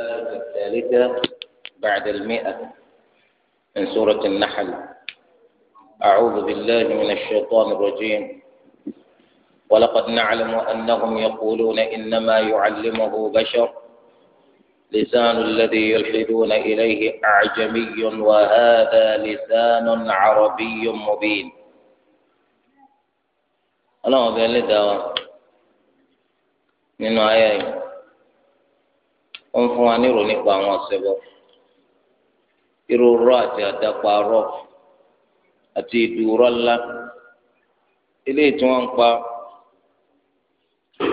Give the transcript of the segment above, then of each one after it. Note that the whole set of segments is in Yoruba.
الثالثة بعد المئة من سورة النحل أعوذ بالله من الشيطان الرجيم ولقد نعلم أنهم يقولون إنما يعلمه بشر لسان الذي يلحدون إليه أعجمي وهذا لسان عربي مبين اللهم بين لدى من آية ó ń fún wa nírò nípa àwọn ọ̀sẹ̀bọ̀ irorọ́ àti àdáparọ́ àti ìdúró ńlá eléyìí tí ń pa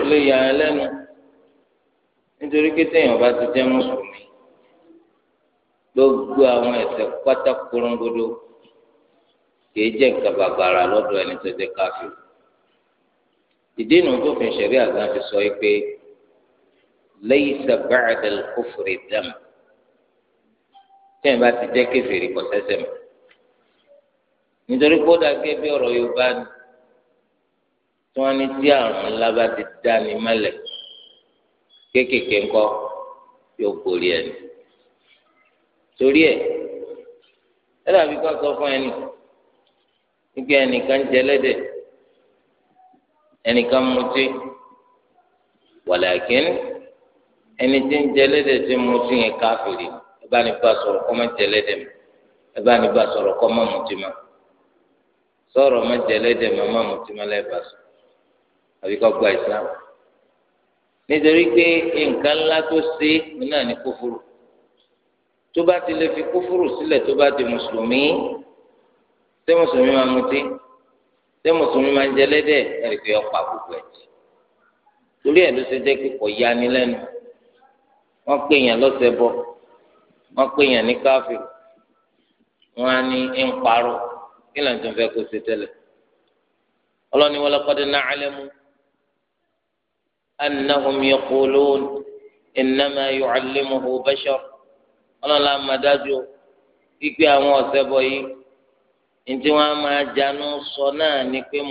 eléyìí ayẹ lẹ́nu nítorí pé téèyàn bá ti jẹ́ mùsùlùmí gbogbo àwọn ẹ̀ṣẹ̀ pátá korongodo kìí jẹ́ nǹkan lọdọ ẹni tó ìdí tó fi àgbà fi sọ yìí ليس بعد الكفر ذنب tẹ́yìn bá ti jẹ́ kéferì kò sẹ́sẹ̀ mọ́ nítorí kódà gébé ọ̀rọ̀ yorùbá ni tí wọ́n ní tí àrùn ńlá bá ti dá ní mọ́lẹ̀ kéékèèké ńkọ́ yóò borí ẹni torí ẹ̀ ẹ dàbí kó sọ fún ẹni nígbà ẹnìkan jẹ lẹ́dẹ̀ ẹnìkan mutí wàlàkín ẹni tí ń jẹlẹ́dẹ̀ tí mo ti yẹn káfìrí ẹ bá ní bá sọ̀rọ̀ kọ́ mọ́ jẹlẹ́dẹ̀ mọ́ ẹ bá ní bá sọ̀rọ̀ kọ́ mọ́ mutí mọ́ sọ̀rọ̀ mọ́ jẹlẹ́dẹ̀ mọ́ mọ́ mutí mọ́ lẹ́ẹ̀ bá sọ àbí kọ́ gba ìsìlámù nítorí pé nǹkan ńlá tó ṣe náà ní kófòrò tó bá ti lè fi kófòrò sílẹ̀ tó bá ti mùsùlùmí ṣé mùsùlùmí máa mutí ṣé mùsùlùmí máa ń jẹlẹ́dẹ̀ ẹ̀rí pé ọ̀pá gbogbo ẹ̀ torí ẹ̀ ló ṣe jẹ́ kíkọ̀ yanilẹ́nu wọn pè yàn lọ́sẹ̀ wọn wọ́n pè yàn ní káfíìn wọ́n á ní ń parọ́ kí lóun tó ń fẹ́ kó ṣe tẹ́lẹ̀ ọlọ́ni wọlé kọ́dé náà alẹ́mú anahum yaqulun innama yu'allimuhu bashar ọlọ́ni amadájú pípé àwọn yìí ntí wọn máa jánu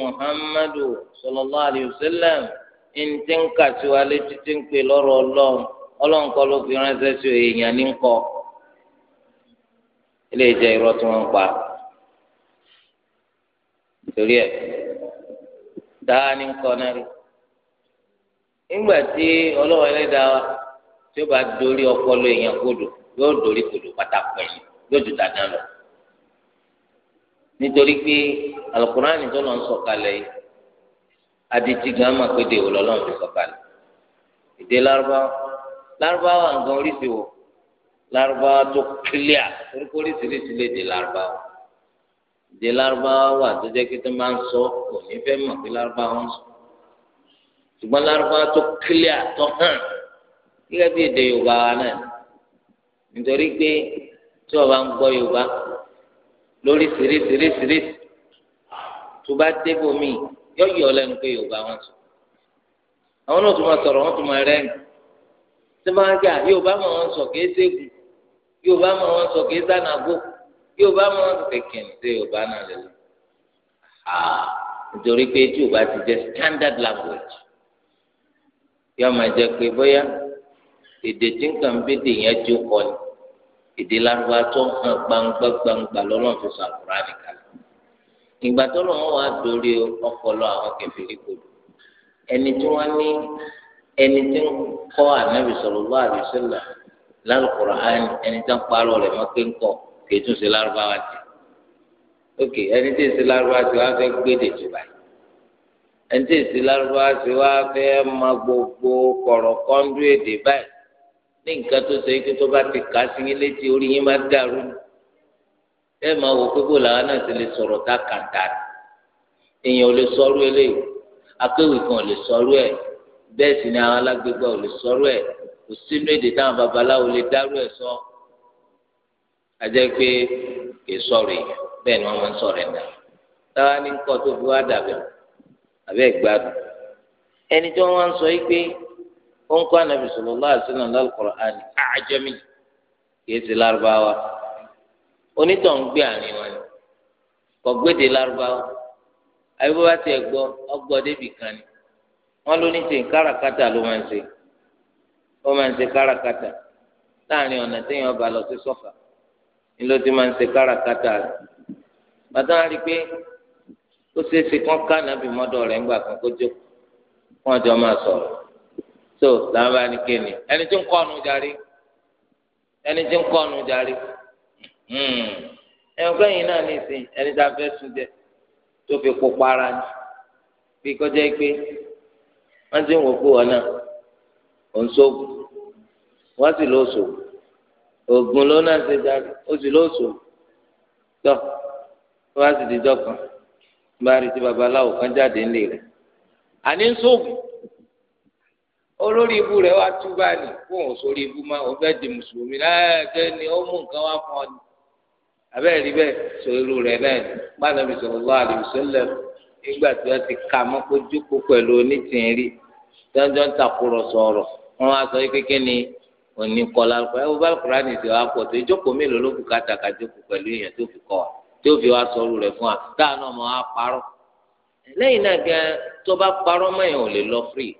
muhammadu sallallahu alayhi wa sallam ntí ń kà sí wa ọlọ́run kọ́ ló fi ránṣẹ́ sí èèyàn ní kọ́ ilé ìjẹ irọ́ tí wọ́n ń pa torí ẹ̀ dáa ní kọ́ náà rí nígbà tí ọlọ́run ẹlẹ́dàá tí ó bá dorí ọpọlọ èèyàn kodò yóò dorí kodò pátákó ẹ̀ yóò ju dandan lọ nítorí pé alukurani tó lọ ń sọ̀kalẹ̀ yìí adití gan pé dèwò lọ́lọ́run fi sọ̀kalẹ̀ èdè lárúbáwá lárúbáwá nǹkan oríṣi wò lárúbáwá tó kílíà orúkọ oríṣiríṣi lè dé lárúbáwá dé lárúbáwá wà tó jẹ́ pé tó máa ń sọ kò ní fẹ́ mọ̀ pé lárúbáwá ń sọ ṣùgbọ́n lárúbáwá tó kílíà tó hàn gẹ́gẹ́ bí èdè yorùbá wa náà nítorí pé tí wọ́n bá ń gbọ́ yorùbá lórí ṣiríṣiríṣiríṣi tó bá débò míì yọ yọ lẹ́nu pé yorùbá wọn sọ àwọn náà tún máa sọ̀rọ̀ wọn tún máa rẹ́rìn sèmáàgà yóò bá mọ wọn sọ kéé ségun yóò bá mọ wọn sọ kéé sànàgò yóò bá mọ wọn sọ kékeré ṣe yóò bá náà lè lọ. nítorí pé tí o bá ti jẹ standard language yóò máa jẹ pé bóyá èdè tí nǹkan bédè yẹn jó kọ ni èdè Lárúbá tó hàn gbangba gbangba lọ́lọ́run fi sọ àkùrá nìkan ìgbà tó lọ́wọ́ wa dórí ọpọlọ àwọn kẹfìrí kodò ẹni tí wọ́n ní ẹni tí ń kọ́ ànábì sallallahu alaihi wasallam lálùkùránì ẹni tí ń parọ́ rẹ̀ mọ́ pé ń kọ́ kì í tún ṣe lárúbáwá tì ok ẹni tí ń ṣe lárúbáwá tì wá fẹ́ gbédè tù báyìí ẹni tí ń ṣe lárúbáwá tì wá fẹ́ mọ gbogbo kọ̀rọ̀ kọ́ńdú èdè báyìí ní nǹkan tó ṣe kí tó bá ti kà sí yín létí orí yín má dàrú ni ẹ máa wò pé làwọn náà ti lè sọ̀rọ̀ tá kàńtà èèyàn ò lè sọrú bẹ́ẹ̀ sì ni àwọn alágbègbè ò lè sọ̀rọ̀ ẹ̀ kò sínú èdè táwọn babaláwo lè dárú ẹ̀ sọ ajẹ́ pé kì í sọ̀rọ̀ èèyàn bẹ́ẹ̀ ni wọ́n máa ń sọ̀rọ̀ ẹ̀ náà táwa ní nǹkan tó fi wá dàbẹ̀ àbẹ́ ìgbádùn ẹni tí wọ́n ń sọ yìí pé ó ń kọ́ ànábì sallallahu alaihi wasallam al kì í ti lárúbáwá onítàn gbé àárín wọn ni kò wọn ló ní ṣe káràkátà ló máa ń ṣe ó máa ń ṣe káràkátà láàrin ọ̀nà téèyàn bá lọ sí sọ́fà ni ló ti máa ń ṣe káràkátà rẹ̀ bàtà rí i pé ó ṣeé ṣe kán ká nàbì mọ́dọ̀ rẹ̀ ńgbà kan kó jókòó wọn jọ máa sọ̀rọ̀ tó làwọn bá ní kéènì ẹni tí ń kọ́ ọ̀nù a fẹ́ wọ́n ti ń wò pé wọn náà òun sóògùn wọ́n sì lọ sòògùn ògùn ló náà ṣe jáde ó sì lọ sòògùn tó wọ́n sì di dọ́kan bá rí ti babaláwo kan jáde ńlẹ̀ rẹ̀ àní sóògùn olórí ibu rẹ̀ wá tú báyìí kó òun sórí ibu máa òun fẹ́ di mùsùlùmí láàkẹ́ ni ó mú nǹkan wá fún ọ ni abẹ́ẹ̀ rí bẹ́ẹ̀ sọ irú rẹ̀ náà gbàdúrà bí sallallahu alaihi wasallam nígbà tí wọ́n ti ka mọ́ kó jókòó pẹ̀lú onítìrín jọ́njọ́ ń takùrọ̀sọ ọ̀rọ̀ wọ́n wá sọ kékeré ni òní kọlá ẹ wo bálùkùrá ni ìṣèwà pọ̀ tó ìjókòó mélòó ló kù káta ká jókòó pẹ̀lú èèyàn tó fi kọ́ wa tí ó fi wá sọ̀rọ̀ rẹ̀ fún wa táà náà mọ̀ á parọ́ lẹ́yìn náà gan tó bá parọ́ mọ́ èèyàn ò lè lọ fírì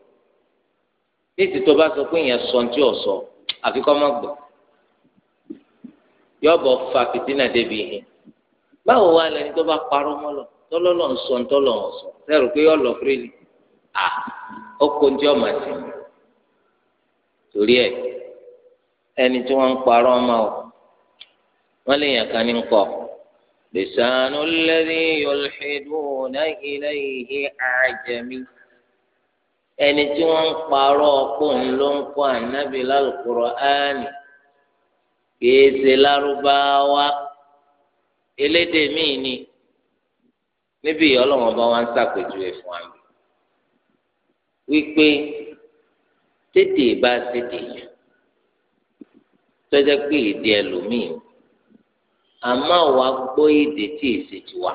níìsì tó bá sọ pé èèyàn sọ tí ò sọ àfi kọ́ mọ́ gbọ́ yọ̀bọ̀ fa fìtínà débi yìí báwo wá lẹni tó bá parọ́ mọ́ lọ tọ́lọ́lọ́ ń sọ tọ́lọ́ ń sọ à oko ntí ọmọ ti torí ẹ ẹni tí wọn ń parọ́ ọmọ o wọn lè yàn kan ní nkọ ń parọ́ ọkọ ńlọ ńkọ ànábì lálùkùránì kìí ṣe lárúbáwá níbi ọlọ́wọ́n bá fún wípé tètè bá tètè yẹn tọ́jà pé èdè ẹlòmíì àmọ́ àwa gbọ́ èdè tí èsì ti wà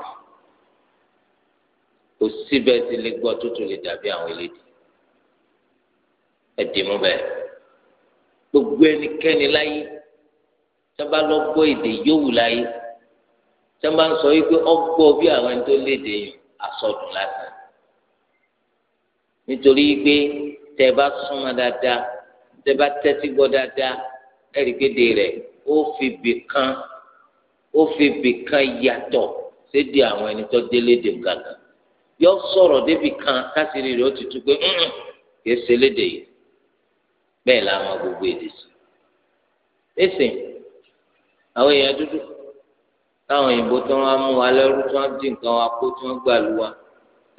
kò síbẹ̀ tí lè gbọ́ tó tó lè dàbí àwọn elédè ẹ̀dì mú bẹ́ẹ̀ gbogbo ẹnikẹ́ni láyé sábà lọ gbọ́ èdè yòówù láyé sábà ń sọ wípé ọgbọ́ bí àwọn ẹni tó léde yìí asọdùn lásán nítorí pé tẹ bá súnmọ́ dáadáa tẹ bá tẹ́tí gbọ́ dáadáa ẹ̀rí gbèdé rẹ̀ ó fi bì kan ó fi bì kan yàtọ̀ sédìí àwọn ẹni tó délé dè gàgà yọ sọ̀rọ̀ débì kan kásìrì rẹ̀ ó ti tú pé kìí ṣe léde yìí bẹ́ẹ̀ la mọ gbogbo èdè sí ẹsìn àwọn èèyàn dúdú táwọn òyìnbó tí wọ́n mú wa lẹ́rú tí wọ́n dín nǹkan wa kó tí wọ́n gbà lù wa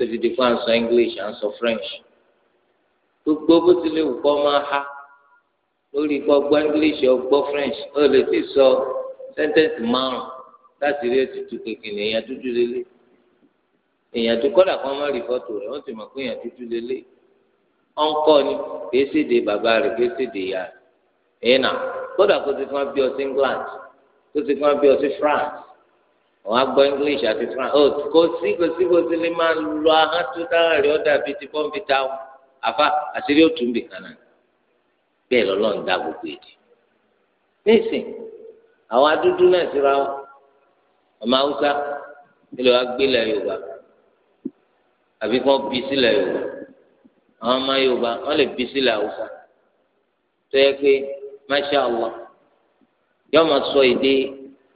tó fi di fún à English à ń French gbogbo bó ti lè wù kọ́ máa ha lórí kọ́ gbọ́ English ọ gbọ́ French ó lè ti sọ sẹ́ńtẹ́ǹsì márùn láti rí ètùtù kékeré èèyàn dúdú lélẹ̀ èèyàn tó kọ́dà kan má rí fọ́tò rẹ̀ wọ́n ti mọ̀ pé èèyàn dúdú lélẹ̀ ọ̀nkọ́ ni kìí ṣèdè bàbá rẹ̀ kìí ṣèdè ìyá rẹ̀ èèyàn kọ́dà kó ti fún wa bí ọ sí England kó ti fún wa bí ọ sí France wọn á english àti france ó oh, kò sí kò sí kò sí lè máa lo ahọ́n tó dára rẹ̀ ó ti bọ́ǹbì táwọn afa àṣírí òtún bì kan náà bẹ́ẹ̀ lọ́lọ́run dá gbogbo èdè nísìn àwọn adúdú náà síra wọn ọmọ haúsá nílò agbélẹ̀ yorùbá àbí kí wọ́n bí sílẹ̀ yorùbá àwọn ọmọ yorùbá wọ́n lè bí sílẹ̀ haúsá tó yẹ pé masha allah yọọ ma sọ èdè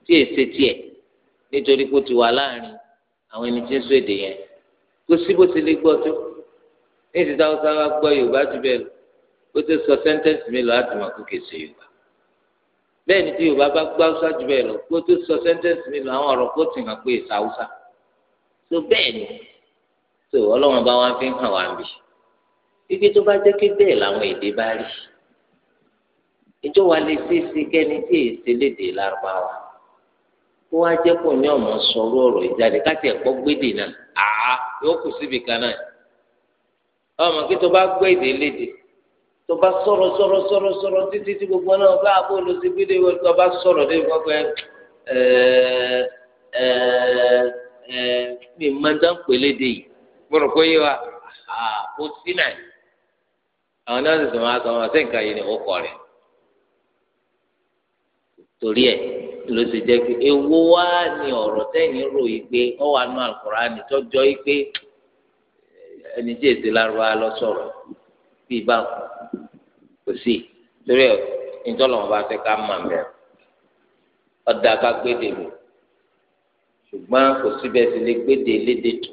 tí èsè nítorí kó ti wà láàrin àwọn ẹni tí ń sọ èdè yẹn kó sí bó ti lè gbọ́ tó ní ìsìta Haúsá wa gbọ́ Yorùbá jù bẹ́ẹ̀ lọ ó ti sọ sẹ́ńtẹ́ǹsì mi lọ láti máa kó kèsè Yorùbá bẹ́ẹ̀ ni tí Yorùbá bá gbọ́ Haúsá jù bẹ́ẹ̀ lọ kó tó sọ sẹ́ńtẹ́ǹsì mi lọ àwọn ọ̀rọ̀ kó tì hàn pé èsì Haúsá tó bẹ́ẹ̀ ni tó Ọlọ́run bá wá fi hàn wá bì ike tó bá jẹ́ pé bẹ́ẹ̀ làwọn èdè bá rí ìjọ wa lè ṣeé ṣe kẹ́ni tí èsì lédè lárúbáwá kó wá jẹ́ kó ní ọmọ sọ̀rọ̀ ọ̀rọ̀ ìjáde káti ẹ̀kọ́ gbédè náà àá yóò kù síbi kan náà ọmọ kí tó bá gbé léde tó bá sọ̀rọ̀ sọ̀rọ̀ gbogbo náà bá bó lọ sí gbédè wọn tó bá sọ̀rọ̀ mi máa dán yìí pé yé wa kó sí náà àwọn náà sì wọn ló ti jẹ́ pé ewo wá ní ọ̀rọ̀ tẹ́yìn ròyìn pé ọ wà nù Al-Kùránì tọ́jọ́ yìí pé eh, ẹni tí èsì lárúbá lọ sọ̀rọ̀ bíi báwọn kò sí torí ẹ̀ ntọ́lọ́wọ́n bá fẹ́ ká mà mẹ́ ọ̀dà ká gbéde mi ṣùgbọ́n kò síbẹ̀ sí léde tó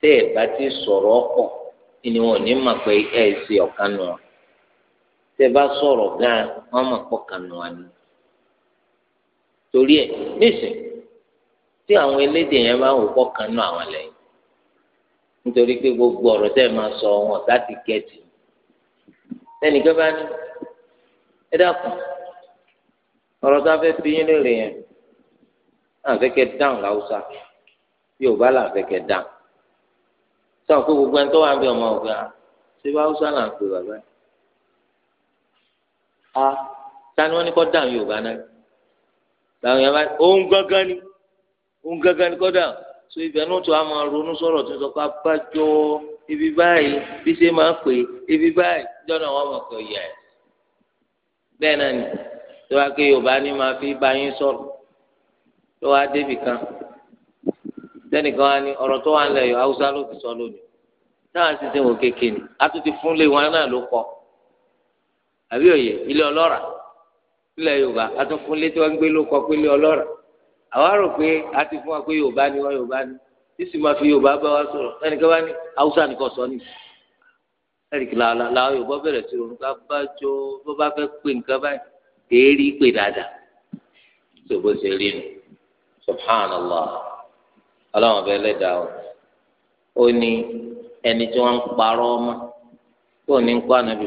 tẹ́ bá ti sọ̀rọ̀ ni wọn ò ní pé ẹ̀ ṣe torí ẹ nísìn tí àwọn elédè yẹn bá wò pọ̀ kan nù àwọn lẹ́yìn nítorí pé gbogbo ọ̀rọ̀ tẹ́ ẹ máa sọ wọn ọ̀tá ti gẹ̀ẹ́tì ẹnìkan bá ní ẹ dákun ọ̀rọ̀ tá a fẹ́ fi yín léèrè yẹn náà fẹ́ kẹ́ dáhùn láwùsá yorùbá là fẹ́ kẹ́ dáhùn sọ̀rọ̀ pé gbogbo ẹni tó wà ń ọmọ ọ̀gá ah, ṣé bá là ń pè bàbá yìí ah, a ta ni wọ́n dáhùn yorùbá náà làwọn yàrá òun gángan ni òun gángan ni kódà so ibẹ̀ ní oṣù àmọ́ ronú sọ̀rọ̀ tó ń sọ pé abájọ ibi báyìí bí ṣe máa ń pè ibi báyìí jọ́nà wọn mọ̀ pé yẹ bẹ́ẹ̀ náà ni tó wá pé Yorùbá ni máa fi bá yín sọ̀rọ̀ tó wá débì kan sẹ́nìkan wá ní ọ̀rọ̀ tó wà ń lẹ̀ yọ Haúsá ló fi sọ lónìí táwọn sì ti wò kékeré a tún ti fún lé wọn náà ló kọ àbí òye ilé ọlọ́ràá. ilẹ̀ yorùbá atúnfúnlé tí wọ́n ń gbé ló kọ́ ọlọ́rọ̀ àwa pé a ti fún wa pé yorùbá ni wọ́n yorùbá ni sísì máa fi yorùbá bá wa sọ̀rọ̀ wá ní haúsá nìkan sọ ni ẹnìkan làwọn yorùbá bẹ̀rẹ̀ sí ronú ká bá jọ bó bá fẹ́ pè nǹkan báyìí pè dáadáa tó bó ṣe rí nu lẹ́dàá o ó ní ẹni tí wọ́n ń parọ́ ọmọ ní ń kó ànábì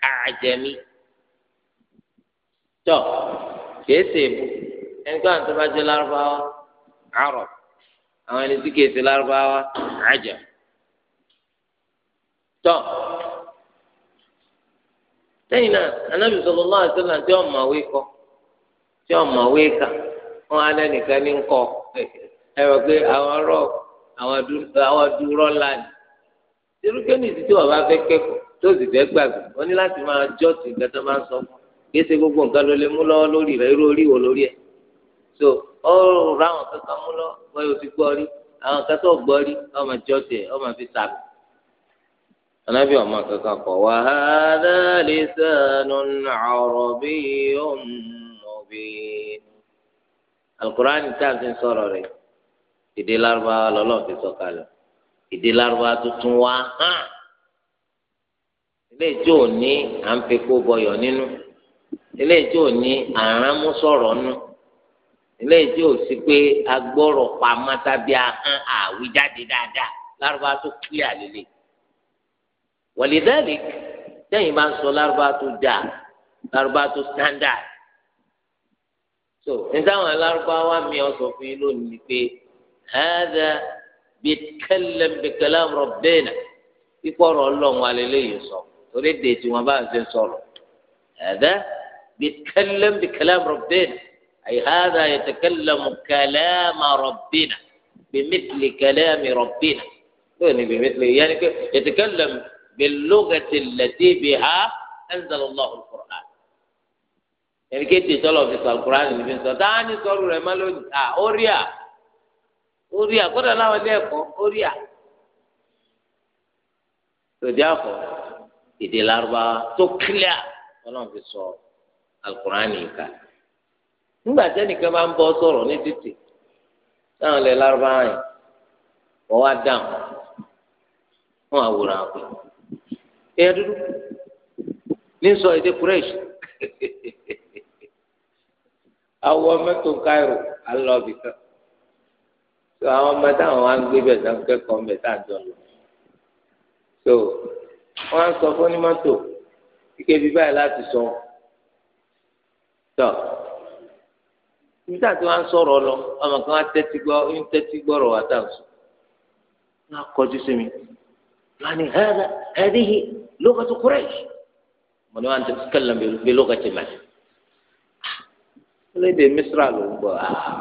àjẹmí tọ kìí kee èbú ẹni kí wọn tó bá jẹ lárúbáwá àrọ àwọn ẹni tí kìí lárúbáwá àjẹ tọ lẹ́yìn náà anábì sọlọ lọ àti sọlọ àti ọmọ àwé kọ tí ọmọ àwé kà wọn alẹ nìkan ní nkọ ẹ rọ pé àwọn rọ àwọn dúró ńlá ni tí wọn tó sì fẹ́ gbàgbé ó ní láti máa jọ́sì nǹkan tó máa ń sọ gbèsè gbogbo nǹkan ló lè mú lọ́wọ́ lórí rẹ̀ irú orí wo lórí ẹ̀ so ó rà àwọn kankan mú lọ wọ́n yóò ti gbọ́ rí àwọn kan tó gbọ́ rí wọ́n máa jọ́sì ẹ̀ wọ́n máa fi sàmì anabi ọmọ kankan kọ wa hadha lisanun arabiyyun mubin alukurani tí a ti ń sọ̀rọ̀ rẹ̀ èdè Lárúbáwá lọlọrun ti sọ̀kalẹ̀ èdè Lárúbáwá tuntun wa hàn eléyìí tí ò ní à ń fipó bọyọ nínú eléyìí tí ò ní à ń rán mú sọ̀rọ̀ nù eléyìí tí ò sí pé agbọ́rọ̀ pamọ́ tàbí ahọ́n àwí jáde dáadáa lárúbá tó kílíà lélẹ̀ wọ̀lídẹ́ẹ̀lì tẹ́yìn bá ń sọ lárúbá tó dáa lárúbá tó standard so nítawọn alárúbáwá mi ọ sọ fún yín lónìí pé hàdà bìtẹ́lẹ̀ bìtẹ́lẹ̀ rọ̀bẹ́nà ikú ọ̀rọ̀ ọlọ́run alẹ́ lẹ́yìn sọ torí èdè tí wọn bá ń ṣe sọ̀rọ̀ ẹdá bìkẹlẹm bìkẹlẹm rọbìnà àyíháda yẹtẹkẹlẹm kẹlẹm rọbìnà bìmítìlì kẹlẹm rọbìnà lóyún ní bìmítìlì yẹn ni pé yẹtẹkẹlẹm bìlógàtì lẹtì bìhá ẹnzẹlọlọhùn kùrán yẹn ké tè tọ́lọ̀ fi sọ alukur'an ní fi sọ dání sọ̀rọ̀ rẹ̀ má lónìí à orí à orí à kódà láwọn ilé ẹ̀kọ́ orí à tòdí àfọ̀. èdè Lárúbáwá tó kílíà Ọlọ́run fi sọ alukurani nìka nígbà tí ẹnìkan bá ń bọ̀ sọ̀rọ̀ ní títì táwọn ilẹ̀ Lárúbáwá yẹn wọ́n wá dáhùn fún àwòrán àpò ẹ̀yà dúdú ní sọ èdè kúrẹ́ṣì awọ mẹ́tò káírò alọ́ọ̀bì kan tó àwọn ọmọ táwọn wá ń gbé bẹ̀ sáńkẹ́kọ̀ọ́ mẹ́ta jọ lọ so wọn á sọ fún ike kíkẹ́ ibi báyìí láti sọ tọ nígbà tí wọn á lọ ọmọ kan á tẹ́tí gbọ́ ń tẹ́tí gbọ́rọ̀ wá tà wọn kọjú sí mi wọn ní hẹ́ẹ́dá hẹ́ẹ́díhì lókàtú kúrẹ́ẹ̀sì wọn lókàtú lédè ló ń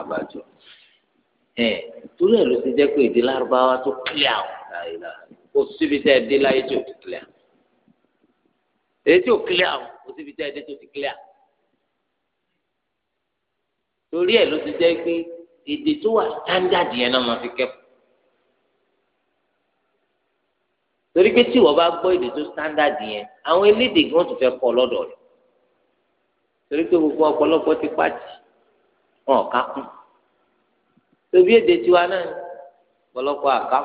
àbájọ ah, ẹ torí ẹ ló ti pé kò síbi tẹ́ ẹ dé láyé tí o ti clear èyí tí o clear o kò síbi tẹ́ ẹ dé tí o ti clear torí ẹ̀ ló ti jẹ́ pé èdè tó wà standard yẹn náà máa fi kẹ́kọ̀ọ́ torí pé tí wọ́n bá gbọ́ èdè tó standard yẹn àwọn elédè gan tó fẹ́ kọ́ lọ́dọ̀ rẹ̀ torí pé gbogbo ọ̀pọ̀lọpọ̀ ti pàtì wọn ò tóbi èdè tiwa náà ọ̀pọ̀lọpọ̀ àká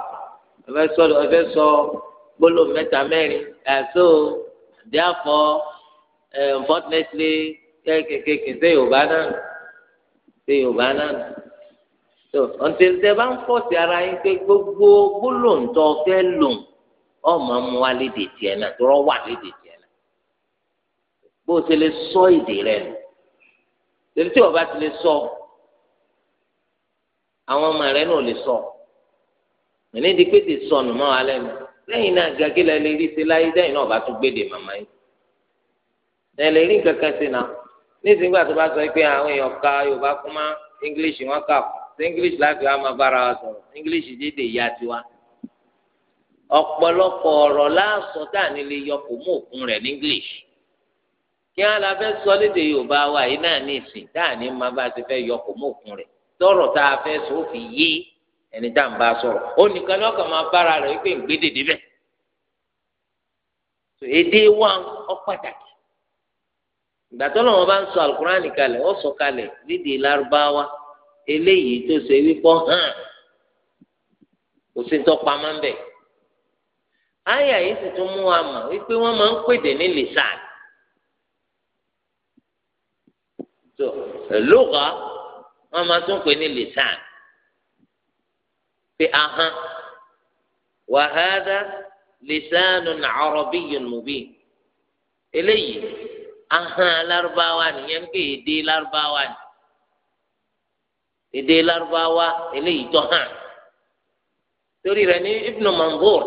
ẹfẹ sọ ẹfẹ sọ gbólò mẹ́ta mẹ́rin ẹsọ díàfọ ẹ unfortunately kẹkẹkẹ ṣe yorùbá náà ṣe yorùbá náà tó ọ̀ntẹ̀ntẹ̀ bá ń fọ̀sì ara yín pé gbogbo gbólò ń tọ́ fẹ́ lòun ọmọ mu wa léde tiẹ̀ náà tọrọ wà léde tiẹ̀ náà bó o ṣe lè sọ èdè rẹ nù tẹ̀lé tí ọba ti lè sọ àwọn ọmọ rẹ náà lè sọ. So ẹni di pé ti sọnù mọ́ wa lẹ́nu lẹ́yìn náà gàgé la lè rí ṣe láyé lẹ́yìn náà bá tún gbéde màmá yìí ẹ lè rí nǹkan kan ṣe náà nísìnyí tó bá sọ pé àwọn èèyàn ka Yorùbá kún mọ́ English wọn kà kún sí English láti wá máa bára wa sọ̀rọ̀ English dédé ìyá tiwa ọ̀pọ̀lọpọ̀ ọ̀rọ̀ láàsọ tá à ní yọ kò mú òkun rẹ̀ ní English kí á la fẹ́ sọ lédè Yorùbá wa yìí náà ní ìsìn tá à ní máa bá ti fẹ́ yọ kò mú òkun rẹ̀ tọ̀rọ̀ tá a fẹ́ sọ fi yé ẹni tá à bá sọ̀rọ̀ ó nìkan ni ọkàn máa bára rẹ̀ wípé ìgbédèdè wa ọ pàtàkì ìgbà tó lọ́wọ́ bá ń sọ alukurani kalẹ̀ ó sọ kalẹ̀ lédè lárúbáwá eléyìí tó ṣe wípọ́ hàn kò sí tọ́pamọ́ ń bẹ̀ àyà yìí sì tún mú wa mọ̀ wípé wọ́n máa ń pèdè ní lisan wọ́n máa tún pè pé ahán wàhádà lisanun arabiyyun mubin eléyìí ahán lárúbáwá nìyẹn ń pè èdè lárúbáwá ni èdè lárúbáwá eléyìí tó hàn torí rẹ̀ ní ibnu manzur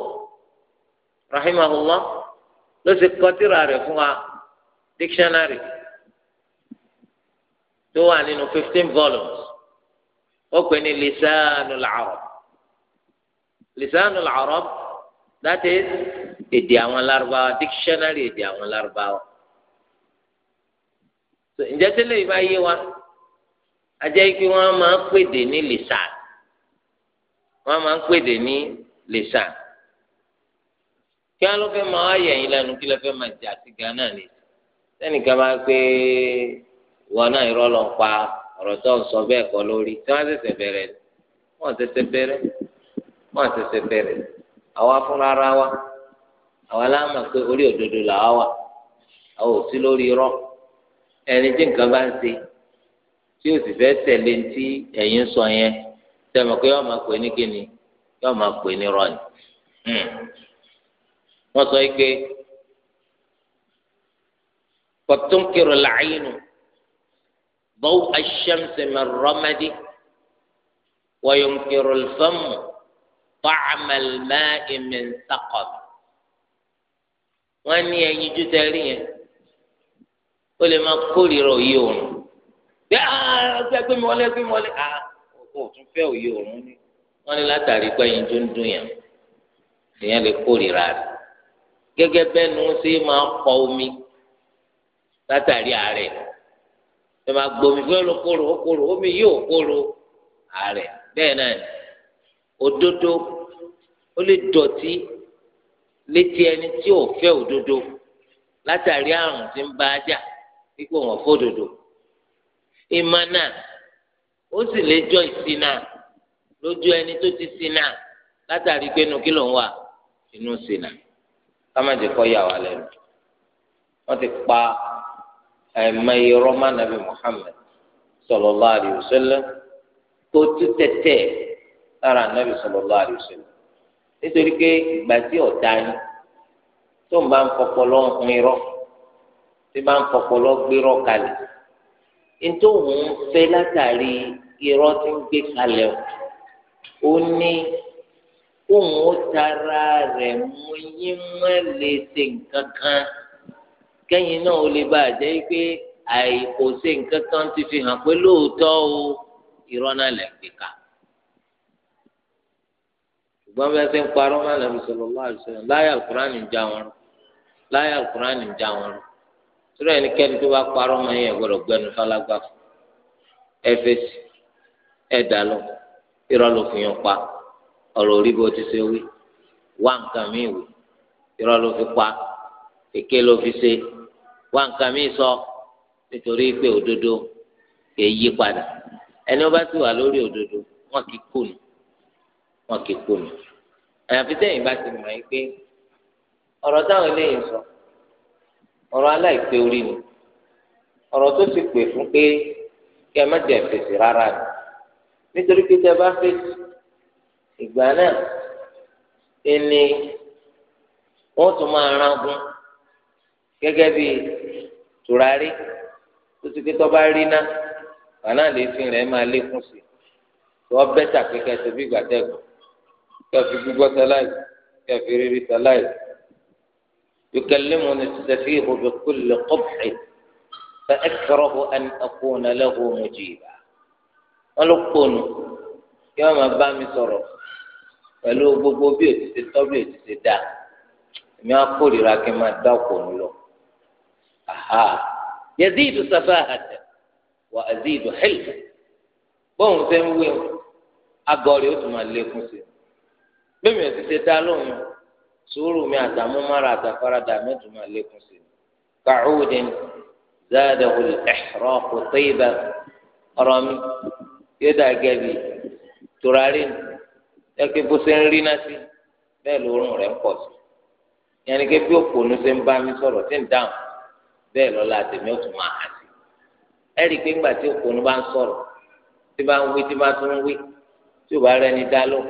rahimahullah ló ti kọtíra rẹ̀ fún wa lisanu al-arab that is èdè àwọn Larba dictionary èdè àwọn Lárúbáwá so ǹjẹ́ tẹ́lẹ̀ yìí bá yé wa ajẹ́ kí wọ́n máa ń pèdè ní lisan wọ́n máa ń pèdè ní lisan kí wọ́n ló fẹ́ máa yẹ̀ yín lẹ́nu kí ló fẹ́ máa jà sí Ghana ni sẹ́nìkan bá pé wọn náà irọ́ lọ pa ọ̀rọ̀ tó ń sọ bẹ́ẹ̀ kọ́ lórí tí wọ́n ṣẹ̀ṣẹ̀ bẹ̀rẹ̀ wọ́n ṣẹ̀ṣẹ̀ bẹ̀rẹ̀ mọ́ àtẹ̀sẹ̀ bẹ̀rẹ̀ àwa fúnra ara wa àwa láàmà pé orí òdodo làwa wà àwa ò sí lórí irọ́ ẹni tí nǹkan bá ń ṣe tí o sì fẹ́ tẹ̀lé ti ẹ̀yin sọ yẹn tẹ̀mọ̀ pé yọ́ọ́ máa pè ní kíni yọ́ọ́ máa pè ní rọ́ọ̀nì. Hmm. wọ́n sọ yìí pé kọ̀túnkìrò làáyínú bọ́ọ̀ aṣẹ́mùsẹ̀mẹ̀ rọ́mẹ́dì wọ́yọ̀nkìrò fẹ́mù. طعم الماء من سقم wọ́n ní ẹyin ju tẹrí yẹn ó lè máa kórìíra òye òrùn bí ọgbẹ ah, gbẹmí wọlé gbẹmí wọlé ó ah, tún fẹ́ òye òrùn ni wọ́n ní látàrí pé ẹyin tó ń dùn yẹn èèyàn lè kórìíra rẹ̀ gẹ́gẹ́ bẹ́ẹ̀ ni ṣe máa kọ omi látàrí àárẹ̀ ẹ máa gbomi fún olókòrò okòrò omi yóò kóró àárẹ̀ bẹ́ẹ̀ náà òdodo ó lè dọ̀tí létí ẹni tí ò fẹ́ òdodo látàrí àrùn tí ń bá a jà pípọ̀ wọn fódodo ìmánà ó sì lè jọ ìṣìnà lójú ẹni tó ti ṣìnà látàrí pé inú kí ló ń wà inú ṣìnà kámájẹ kọ́ yà wá lẹ́nu wọ́n ti pa ẹ̀mẹ́yẹ rọ́mà nàbì Muhammad sallallahu alaihi wasallam tó tú tẹ̀tẹ̀ lára nàbì sallallahu alaihi wasallam nítorí pé ìgbà tí ọ̀tá yín tó ń bá ń fọpọlọ ń pin irọ́ tí bá ń fọpọlọ gbérọ́ kalẹ̀ nítòhún fẹ́ látàrí irọ́ tí ń gbé kalẹ̀ o ó ní kóhun ó tara rẹ̀ mú yín má lè ṣe nǹkan kan kẹ́yìn náà ó lè bá a jẹ́ pé àìkò ṣe nǹkan kan ti fi hàn pé lóòótọ́ o irọ́ náà lè gbé ka ṣùgbọ́n bí wọ́n ṣe ń parọ́ máa nàbì sọ̀rọ̀ lọ́wọ́ àdìsọ́nà láyà kúránì ń já wọn rọ láyà kúránì ń já wọn rọ sọ̀rọ̀ ẹnikẹ́ni tó bá parọ́ máa yẹn gbọ́dọ̀ gbẹnu fálágbá ẹ fèsì ẹ dà lọ irọ́ ló fi yàn pa ọ̀rọ̀ orí bó ti ṣe wí wá nǹkan míì wí irọ́ ló fi pa èké ló fi ṣe wá nǹkan míì sọ nítorí pé òdodo kì í yí padà ẹni wọ́n bá ti wà lórí òdodo wọn kì í kùnú wọn kì í kùnú àyàfi tẹ́yìn bá ti mọ̀ ẹ́ pé ọ̀rọ̀ táwọn eléyìí sọ ọ̀rọ̀ aláìpé orí ni ọ̀rọ̀ tó ti pè fún pé kí ẹ má jẹ fèsì rárá ni nítorí pé tẹ́ bá fèsì ìgbà náà ẹni wọ́n tún máa rángun gẹ́gẹ́ bí tùràrí tó ti pé tọ́ bá rí náà bàánà lè fi rẹ̀ máa lékún sí i tó ọ bẹ́tà pé kẹsì bí gbàdẹ́gùn kẹfì gbígbọ́ sáláì kẹfì rírí sáláì يكلمني السفيه بكل قبح فأكره أن أكون له مجيبا ولقون يوم بامي صرف pẹ̀lú gbogbo bí òtí ṣe tọ́ bí òtí ṣe dà èmi á kórìíra kí n máa dá òkò mi lọ. yazidu safahata wa azidu hilfa bóun ṣe ń wí ó tún máa lékún sí i bẹ́ẹ̀ mi ò ti ṣe dá lóhùn sùúrù mi àtàmúmára àtàfaradà mẹ́tò máa lékún sí i kàcúdin záàdàwò ẹ̀xrọ̀ kò tẹ́yìbá ọ̀rọ̀ mi yóò dà gẹ́bi tùràrí ẹ̀kẹ́ bó ṣe ń rí náà sí bẹ́ẹ̀ lóorùn rẹ̀ ń pọ̀ sí yẹn ni kí bí òpònú ṣe ń bá mi sọ̀rọ̀ tí ń dáhùn bẹ́ẹ̀ lọ́la àtẹ̀mí ó máa hàn sí ẹ̀rí pé ńgbà tí òpònú bá ń sọ̀rọ̀ tí bá ń wí tí bá tún ń wí tí ò bá rẹ́ni dá lóhùn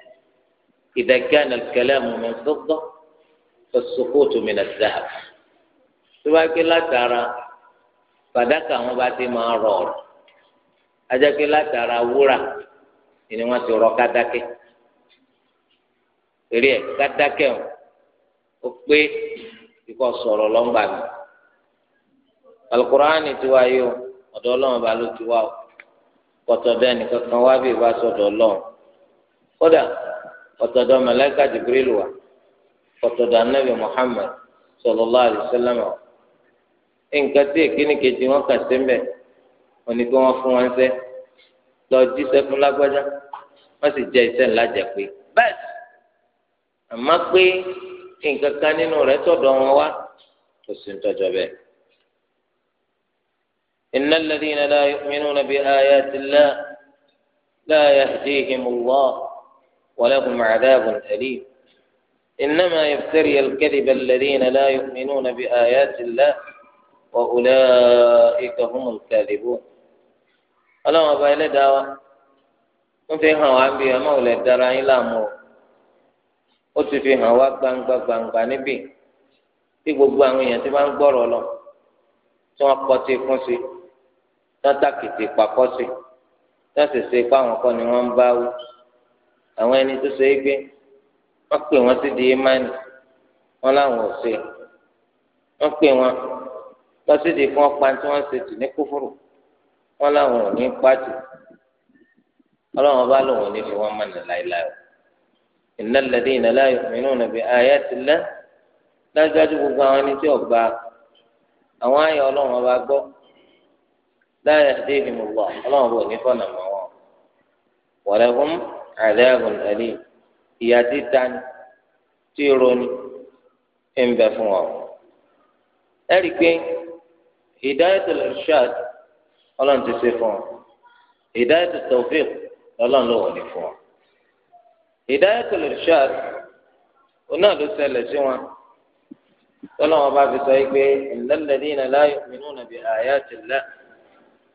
إذا كان الكلام من فضة فالسكوت من الذهب سواء لا ترى فذاك ما بعد ما رأى أجاك لا ترى ورا إن ما ترى كذاك rí ẹ kátàkẹ ọ ó pé kíkọ sọ̀rọ̀ lọńgbà mi alukuraani ti wá yìí o ọ̀dọ̀ Ọlọ́run ba ló ti wá o kọtọ bẹ́ẹ̀ nìkan kan wá bí ìbá sọ́dọ̀ Ọlọ́run kódà ọ̀tọ̀dọ̀ mẹlẹ́kà jibril wa ọ̀tọ̀dọ̀ anabi muhammad sallallahu alaihi wasallam wa nǹkan tí èkíní kejì wọn kà sí mbẹ wọn ni pé wọn fún wọn ṣẹ lọ jíṣẹ́ fún kan nínú إن الذين لا يؤمنون بآيات الله لا ولهم عذاب أليم إنما يفتري الكذب الذين لا يؤمنون بآيات الله وأولئك هم الكاذبون ọlọ́run ọba ẹlẹ́dàá ń fi hàn wá bí ọmọ òlẹ̀ dára yín láàmú o ó ti fi hàn wá gbangba gbangba níbí tí gbogbo àwọn èèyàn ti máa ń gbọ́rọ̀ lọ tí wọ́n kọ́ ti kún sí tí wọ́n tàkìtì pàkọ́ sí tí wọ́n sì ṣe pé àwọn kan ni wọ́n ń bá wí àwọn ẹni tó so égbé wọ́n pè wọ́n sí di imáni wọ́n láwọn ò ṣe wọ́n pè wọ́n lọ sí di fún ọpa tí wọ́n ṣe tì ní kúfúrú wọ́n láwọn ò ní pàtì ọlọ́run bá lòun ò ní fi wọ́n mọ̀nà láéláé o innal ladina la yu'minuna bi ayati llah dájúdájú gbogbo àwọn ẹni tí ò gba àwọn ayọ̀ ọlọ́run ọba gbọ́ la yahdihimullah ọlọ́run bò ní fọ́nà mọ́ wọn wọ́n lẹ́kùn àdéhùn ẹlẹ ìyá títa ni tí roni ń bẹ fún ọ. ẹ̀rí pé hidayatul irshad ọlọ́run ti ṣe fún ọ hidayatul tawfiq ọlọ́run ló wọlé fún ọ. hidayatul irshad oná ló ṣẹlẹ̀ sí wọn tọ́lọ́wọ́n bá fi sọ pé innal ladina la yu'minuna bi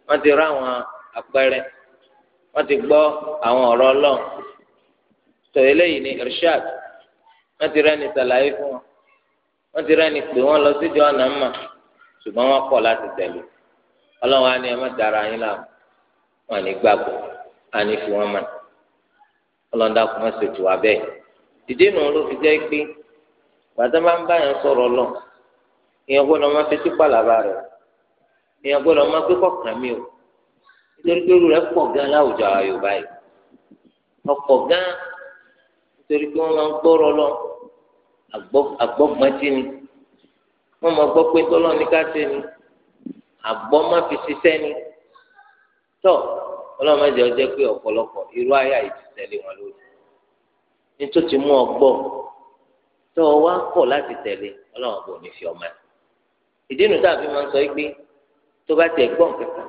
wọ́n ti rá àwọn àpẹẹrẹ. wọ́n ti gbọ́ àwọn ọ̀rọ̀ Ọlọ́run tó eléyìí ní irshad wọ́n ti rẹ́ni sàlàyé fún wọn wọ́n ti rẹ́ni pé wọ́n lọ síjọ́ ọ̀nà mọ̀ ṣùgbọ́n wọ́n kọ̀ láti tẹ̀lé Ọlọ́run á ní dára yín wọn ní gbàgbọ́ á ní fi mọ̀ Ọlọ́run dákun ṣètò bẹ́ẹ̀ ló fi jẹ́ pé máa ń bá yẹn sọ̀rọ̀ lọ nítorí pé irú rẹ̀ pọ̀ gan láwùjọ àwọn Yorùbá yìí ọ̀pọ̀ gan nítorí pé wọ́n máa ń gbọ́rọ̀ lọ àgbọ́gbọ́ntì ni wọ́n máa gbọ́ pé tọ́lọ́ ní ká ṣe ni àgbọ́ má fi ṣiṣẹ́ ni tọ́ ọlọ́run má jẹ́ ọjọ́ pé ọ̀pọ̀lọpọ̀ irú àyà yìí ti tẹ̀lé wọn lórí nítorí tí mú ọ gbọ́ tọ́ ọ wá kọ̀ láti tẹ̀lé ọlọ́run kò ní fi ọmọ ẹ̀ ìdí nu tàbí máa ń sọ pé tó bá tẹ̀ gbọ́n kankan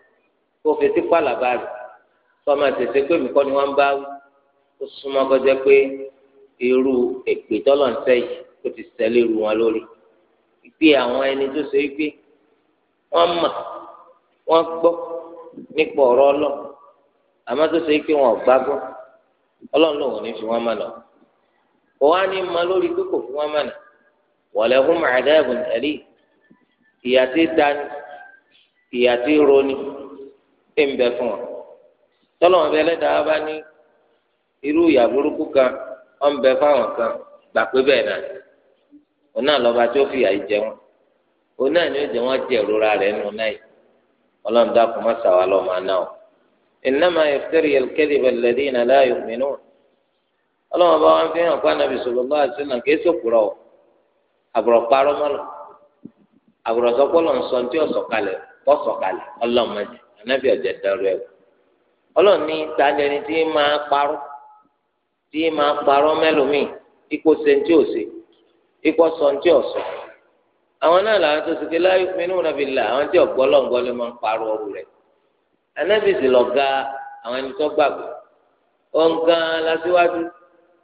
kó fetí pàlàbà rẹ fọmọ tètè pé mi kọ́ ni wọ́n ń bá wí ó súnmọ́ kọjá pé irú èpè tọ́lọ̀ ń sẹ́ yìí ó ti sẹ́lẹ̀ ru wọn lórí ìpè àwọn ẹni tó ṣe wípé wọ́n mọ̀ wọ́n gbọ́ nípa ọ̀rọ̀ ọlọ́ọ̀ àmọ́ tó ṣe wípé wọn ò gbàgbọ́ ọlọ́run lòun ò ní fi wọ́n mọ̀ lọ kò wá ní ma lórí pé kò fi wọ́n mọ̀ nà wọ̀lẹ̀ fún màdàbùn ẹ̀rí ìyà tí dání ìyà tí roni. e ń bẹ fún ọ tọ́lọ̀ bẹ lẹ́dàá bá ní irú ìyà kan ọ̀ ń bẹ fáwọn kan gbà pé bẹ́ẹ̀ náà òun náà lọ́ba tó fìyà yìí jẹ wọn òun náà ni ó jẹ wọn jẹ ìrora rẹ nù náà yìí ọlọ́run sàwà lọ́ máa o al ọlọ́run bá wọn fi hàn o parọ́ sọ́kọ́ ní tí ọlọ́run anabi ọjà dàrú ẹ Ọlọ́run ní tani tí máa parọ́ tí máa parọ́ mẹlòmíì ikú ṣe ntí ò se ikú sọ ntí sọ àwọn náà làwọn tó sèké láyé nàbí là àwọn tí ọgbọ lọǹgọ ló máa rẹ anabi lọ ga àwọn ẹni tó lásìwájú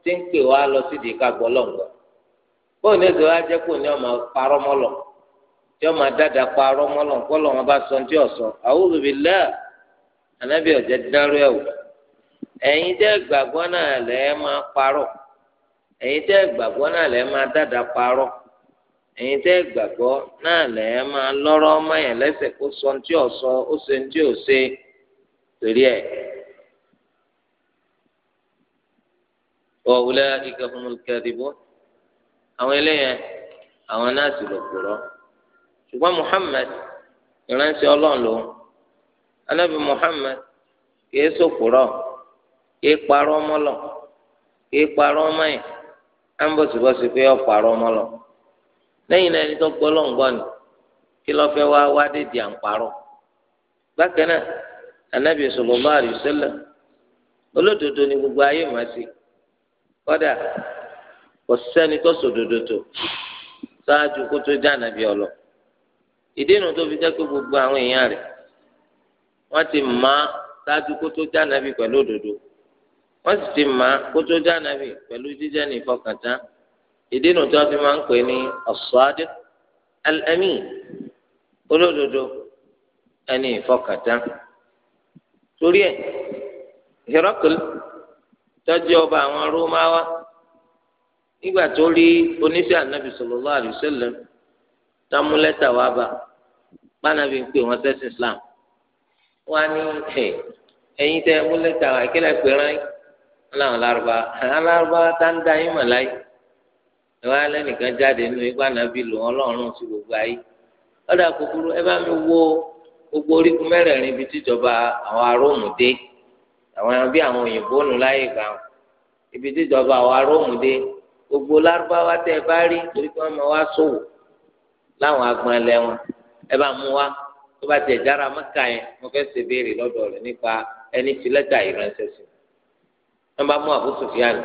tí ń pè wá lọ sídìí ká gbọ bóun ní kò ní ọmọ mọ lọ. tí ọmọ dada pa arọ mọlọ nkọlọ wọn bá sọ ní tí ọsọ àwùjọ bíi lẹ anábì ọjẹ dárú ẹ wò tẹ gbàgbọ́ náà lẹ máa parọ ẹyin tẹ gbàgbọ́ náà lẹ máa dáda parọ́ ẹ̀yin tẹ gbàgbọ́ náà lẹ máa lọ́rọ̀ kó sọ ní ọsọ ó ṣe ní tí ò ẹ. wọ́n wulẹ̀ ike ṣùgbọ́n Muhammad ìránṣẹ́ ọlọ́run lòun anábì Muhammad kìí sòkúrọ̀ kìí parọ́ mọ́lọ̀ kìí parọ́ mọ́yìn á ń bọ̀sibọ́sí pé ó parọ́ mọ́lọ̀ lẹ́yìn náà ẹni tó gbọ́ ni gbogbo ayé kọ́dà kò sẹ́ni tó sòdodo tó ìdínú tó fi jẹ́ gbogbo àwọn èèyàn rẹ̀ wọ́n ti mọ̀ á kó tó já nàbì pẹ̀lú òdodo wọ́n sì ti kó tó já nàbì pẹ̀lú jíjẹ́ ní ìdínú tó fi máa ń pè ní olódodo ẹni ìfọkàntán torí ẹ̀ Herakl tọ́jú ọba àwọn rómáwá nígbà tó rí oníṣẹ́ ànábì tamulẹta wa ba gbanabi ń wọn sẹsìn islam wọn á ní ẹyin tẹ múlẹta wa ìkẹlẹ pẹrẹ Ọlọ́run alárúbá alárúbá tá ń da yín mọ láyé ìwà alẹ nìkan jáde nínú ipa nàbí lò Ọlọ́run sí gbogbo ayé ọdọ àkókòrò ẹ bá mi wo gbogbo orígun mẹ́rẹ̀ẹ̀rin ibi tíjọba àwọn aróòmù dé àwọn ẹran bíi àwọn òyìnbó nù láyé gbà ibi tíjọba àwọn aróòmù dé gbogbo lárúbáwá tẹ ẹ bá rí torí pé wọn máa wá ṣòwò láwọn agbanlẹ wọn ẹ bá mú wa tó bá tiẹ̀ jára mẹ́ka yẹn mo fẹ́ ṣe béèrè lọ́dọ̀ rẹ̀ nípa ẹni tí lẹ́tà yìí ránṣẹ́ sí wọn bá mú Abu Sufyan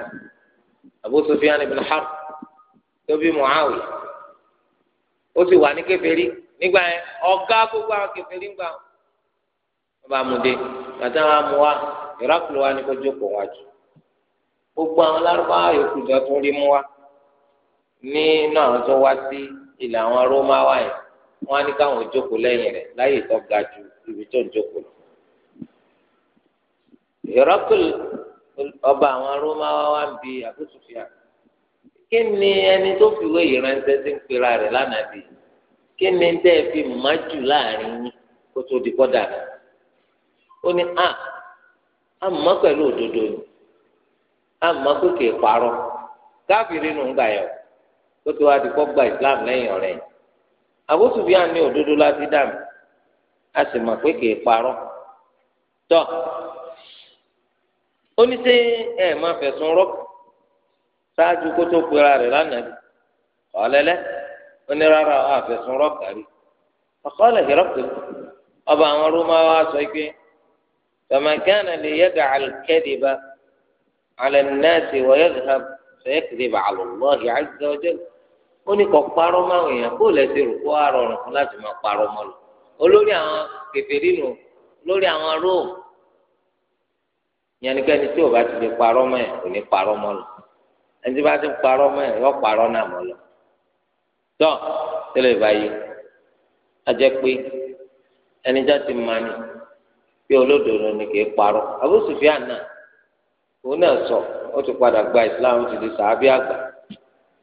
Abu Sufyan ibn Harb tó bí Muawiya ó sì wà ní kèfèrí nígbà yẹn ọ̀gá gbogbo àwọn kèfèrí ń gbà wọn bá mú dé bàtà wọn mú wa ìrákùlù wa ni kó jókòó wájú gbogbo àwọn lárúbáwá yòókù tó rí mú wa nínú àwọn tó wá sí. ilẹ̀ àwọn rómáwá yẹn wọ́n á ní káwọn jókòó lẹ́yìn rẹ̀ láyè tó ga ju ibi tó ń lọ. ọba àwọn rómáwá wá ń bi àbúsùfìà kí ni ẹni tó fi wé ìránṣẹ́ ń pera rẹ̀ lánàá kí ni tẹ́ ẹ fi májù láàrin yín kó tó di kọ́ a pẹ̀lú òdodo ni àmọ́ pé kì parọ́ nù ń gbà yẹn o. tó ti wá di kọ́ gba islam lẹ́yìn ọ̀rẹ́ yìí Abu Sufyan ní òdodo láti dà mí a sì mọ̀ pé kì í parọ́ tọ́ ó ní sẹ́ ẹ̀ máa fẹ̀sùn rọ́ ṣáájú kó tó pera rẹ̀ lánàá ọ̀lẹ́lẹ́ ó ní rárá a fẹ̀sùn rọ́ kárí ọ̀kọ́lẹ̀ Herakl ọba àwọn Rómáwá sọ pé tọmọkánà lè yẹ̀dà àlùkẹ́dìbà alẹ́ nàásì wọ́yẹ̀dà fẹ́ẹ́ kìdìbà àlùmọ́ọ̀hì àjẹjọ́ jẹ́lẹ̀ ó ní kọ parọ́ máwọn èèyàn kó lẹsẹ rò kó wá rọrùn fún láti máa parọ́ mọ́ lọ olórí àwọn kẹfẹẹrí nù lórí àwọn róòmù yẹnikẹ́ni tí o bá ti fi parọ́ mọ́ ẹ kò ní parọ́ mọ́ lọ ẹni tí bá ti parọ́ mọ́ ẹ yọ parọ́ náà mọ́ lọ tọ tẹ́lẹ̀ báyìí ajẹ pé ẹni já ti máa ní pé olódodo ni kì í parọ́ Abu Sufyan náà òun náà sọ ó ti padà gba Islam ti di sàábì àgbà.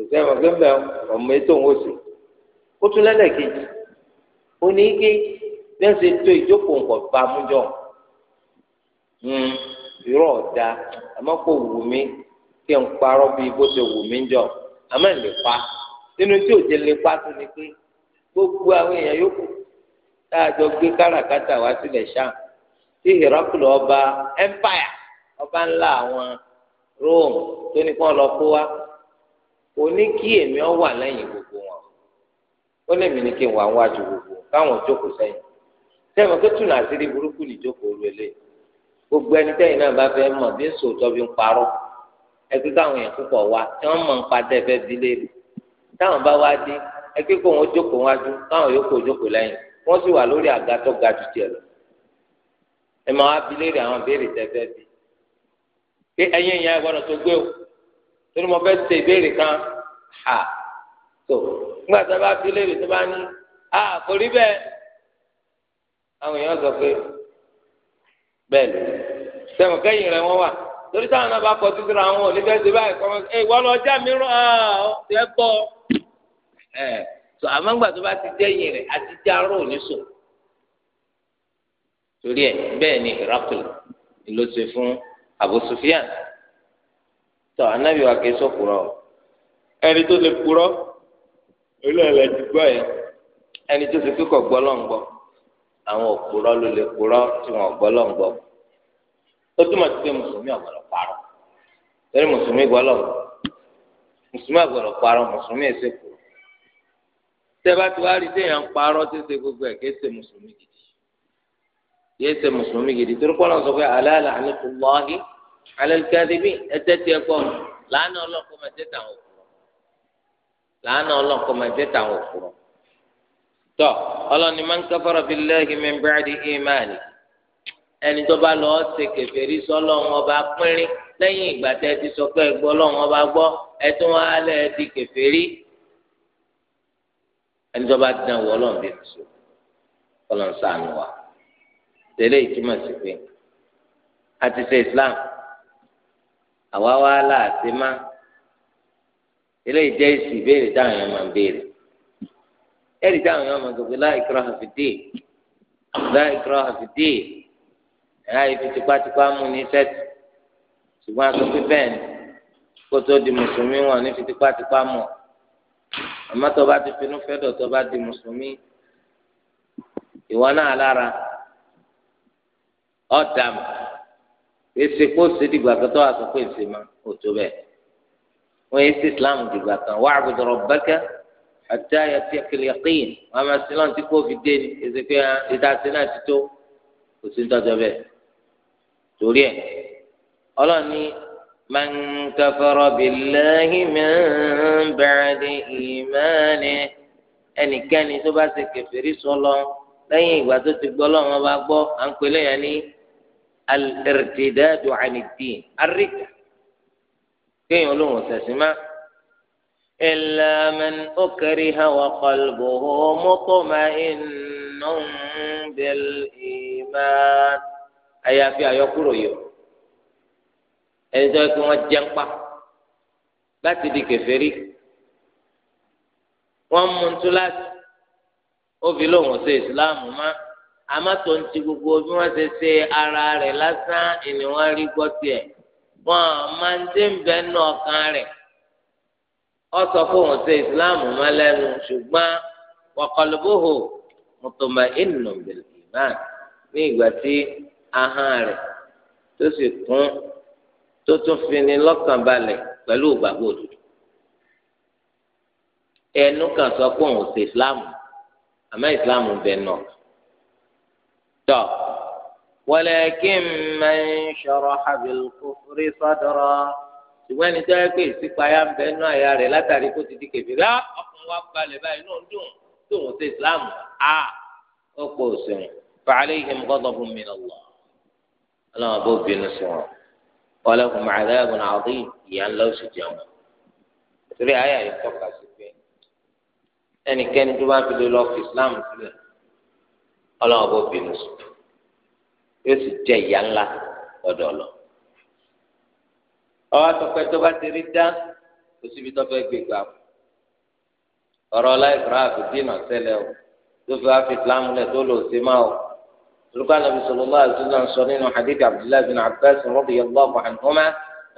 tòsí ẹ̀mọ́ gbẹ́mbẹ́ ọmọ ètò òun ò sí ó tún lẹ́lẹ́kejì ó ní ike bí wọ́n ṣe tó ìjókòó nǹkan bá mú jọ hmm, irọ́ ọ̀dà àmọ́ kò wù mí kí n parọ́ bíi bó ṣe wù mí jọ àmọ́ lè nínú tí òjè lè pa tó ni pé gbogbo àwọn èèyàn yòókù tá a jọ gbé káràkátà wá sílẹ̀ ṣáà tí Hìrákùlù ọba empire ọba ńlá àwọn Rome tó ní kí wọ́n lọ kó wa ó ní kí èmi ọ wà lẹ́yìn gbogbo wọn ó lè mí ní kí n wà wájú gbogbo káwọn jókòó sẹ́yìn sẹ́yìn pé túnú àṣírí burúkú ní jókòó rẹ̀ lé gbogbo ẹni tẹ́yìn náà bá fẹ́ mọ̀ bí sòótọ́ bí ń parọ́ ẹgbẹ́ káwọn èèyàn púpọ̀ wá tí wọ́n mọ̀ ń pa tẹ́fẹ́ bí léèrè táwọn bá wá dé ẹgbẹ́ kó wọn jókòó wájú káwọn yòókù jókòó lẹ́yìn wọ́n sì wà lórí àga tó ga jù tiẹ̀ lọ ẹ máa wá bí léèrè àwọn béèrè tẹ́fẹ́ bí pé ìyá ẹ gbọ́dọ̀ tó gbé o torí mo fẹ́ ṣe ìbéèrè kan ha tó nígbà tí a bá fi léèrè tó bá ní a kò rí bẹ́ẹ̀ àwọn èèyàn sọ pé bẹ́ẹ̀ ló sẹ́wọ̀n kẹ́yìn rẹ̀ wọ́n wà torí táwọn náà bá kọ títí ra wọn ò ní fẹ́ ṣe báyìí kọ́ ẹ ìwọ lọ já mi rán ah, ẹ bọ́ ẹ tó àmọ́ nígbà tó bá ti jẹ́yìn rẹ̀ àti já rò ní sò torí ẹ bẹ́ẹ̀ ni ìrákùlù ló fún Abu tọ anabi wa kìí sọkùrọ ẹni tó lè kúrọ olóòlà ti gbọ́ yẹn ẹni tó ti kíkọ gbọ́ lọǹgbọ àwọn òkúrọ ló lè kúrọ tí wọn gbọ́ lọǹgbọ ó túmọ̀ sí pé mùsùlùmí ọ̀gbọ̀dọ̀ parọ́ torí mùsùlùmí gbọ́ lọǹgbọ mùsùlùmí ọ̀gbọ̀dọ̀ parọ́ mùsùlùmí ẹ̀sẹ̀ kúrọ tẹ́bá tí wàá rí téèyàn parọ́ tó ṣe gbogbo ẹ̀ kéé ṣe mùsùlùmí gidi kéé mùsùlùmí gidi torí pọ́nlọ́n sọ pé alẹ́ àlàní kò lọ́ọ́ alẹ́lẹ́kẹ́dẹ́bí ẹ̀tẹ́tẹ́ ẹ̀kọ́ làánà ọlọ́kọ́ máa tẹ́ tàwọn òkúrọ̀ làánà ọlọ́kọ́ máa tẹ́ tàwọn òkúrọ̀ tọ́ ọlọ́ni máa ń kafara billahi min ba'di imani ẹni tó bá lọ ṣe kèfèrí sọ́lọ́run ọba pínrín lẹ́yìn ìgbà tẹ́ ti sọ pé ẹgbọ́ Ọlọ́run ọba gbọ́ ẹ tún wá lẹ́ ẹ ẹni tó bá dán wọ Ọlọ́run bí àwa wá láàṣẹ má eléyìí jẹ́ èsì ìbéèrè táwọn èèyàn máa ń béèrè ẹ̀rí táwọn èèyàn máa ń sọ pé la ikraha fi ddin la ikraha fi ddin ẹ̀yà ìfi tipátipá mú ní sẹ́tì ṣùgbọ́n a sọ pé kó tó di mùsùlùmí wọn ní fi tipátipá mọ̀ àmọ́ tó bá ti finú fẹ́ tó bá di mùsùlùmí ìwọ náà lára ọ̀dàmù èsì kó ṣe dìgbà kan tó wà sọ pé èsì máa ò tó bẹ́ẹ̀ wọ́n yé sí islam dìgbà kan wà àgùdọ̀rọ̀ bẹ́kẹ́ àti àyàtí ẹ̀kẹ́lẹ́ kéyìn wọ́n á máa sí lọ́n tí kò fi dé ni èsì pé ìdásí náà ti tó kò sí tọ́jọ́ bẹ́ẹ̀ torí ẹ̀ ọlọ́ọ̀ni man kafara billahi min ba'di imani ẹnikẹ́ni tó bá ṣe kèfèrí sọlọ lẹ́yìn ìgbà tó ti gbọ́ lọ́wọ́ bá gbọ́ à ń pè lẹ́yìn ní al-irtidadu ani ddin arida kéèyàn olóhùn ṣẹ̀sìn má illa man ukriha wa qalbuhu mutma'innun bil iman àyàfi àyọkúrò yìí ẹni tó yẹ kí wọ́n jẹ́ ń pa láti di kèfèrí wọ́n mú un tú láti ó fi lóhùn ṣe ìsìláàmù má àmọ́ tó ń ti gbogbo bí wọ́n ṣe ṣe ara rẹ̀ lásán ìní wọ́n rí gbọ́ tiẹ̀ wọ́n máa ń dé nbẹ́ nù ọkàn rẹ̀ ọ sọ fún òun ṣe ìsìláàmù má lẹ́nu ṣùgbọ́n wọ́kọ̀lùbóhò mùtòmá ìnù bìlìbà ní ìgbà tí ahọ́n rẹ̀ tó sì kún tó tún fi ní lọ́kàn balẹ̀ pẹ̀lú ìgbàgbọ́ òdodo ẹnu kan sọ fún òun ṣe ìsìláàmù àmọ́ ìsìláàmù bẹ̀ náà tọ́ walakin man sharaha bil kufri sadra ṣùgbọ́n ẹni tó yẹ pé ìsípayá ń bẹ nú àyà rẹ̀ látàrí kó ti di kèfèrí á ah, ọkùnrin wa balẹ̀ báyìí náà ń dùn tó ń ṣe islam á ah, ó pọ̀ òṣèlú fa alayhim ghadabun min Allah ọlọ́run bó bínú sí wọn ọlọ́kùn màdàbùn àdé ìyá ńlá oṣù jẹun torí àyà yìí tọ́ka sí pé ẹnikẹ́ni tó bá fi lè lọ fi islam sílẹ̀ ọlọ́run bó bínú sùn yóò sì jẹ ìyá ńlá lọ́dọ̀ ọ̀lọ́. ọwọ́ àtọ́pẹ́ tó bá ti rí dá kó síbi tó fẹ́ gbé gbà ó. ọ̀rọ̀ láìpẹ́ àfi dínà sẹ́lẹ̀ o tó fi àfi ìsìlámù lẹ̀ tó lò sí máa o. olùkọ́ ànábi sọ̀rọ̀ lọ́wọ́ àdúrà ń sọ nínú hadith abdullahi bin abbas rọ́bì yallahu anhuma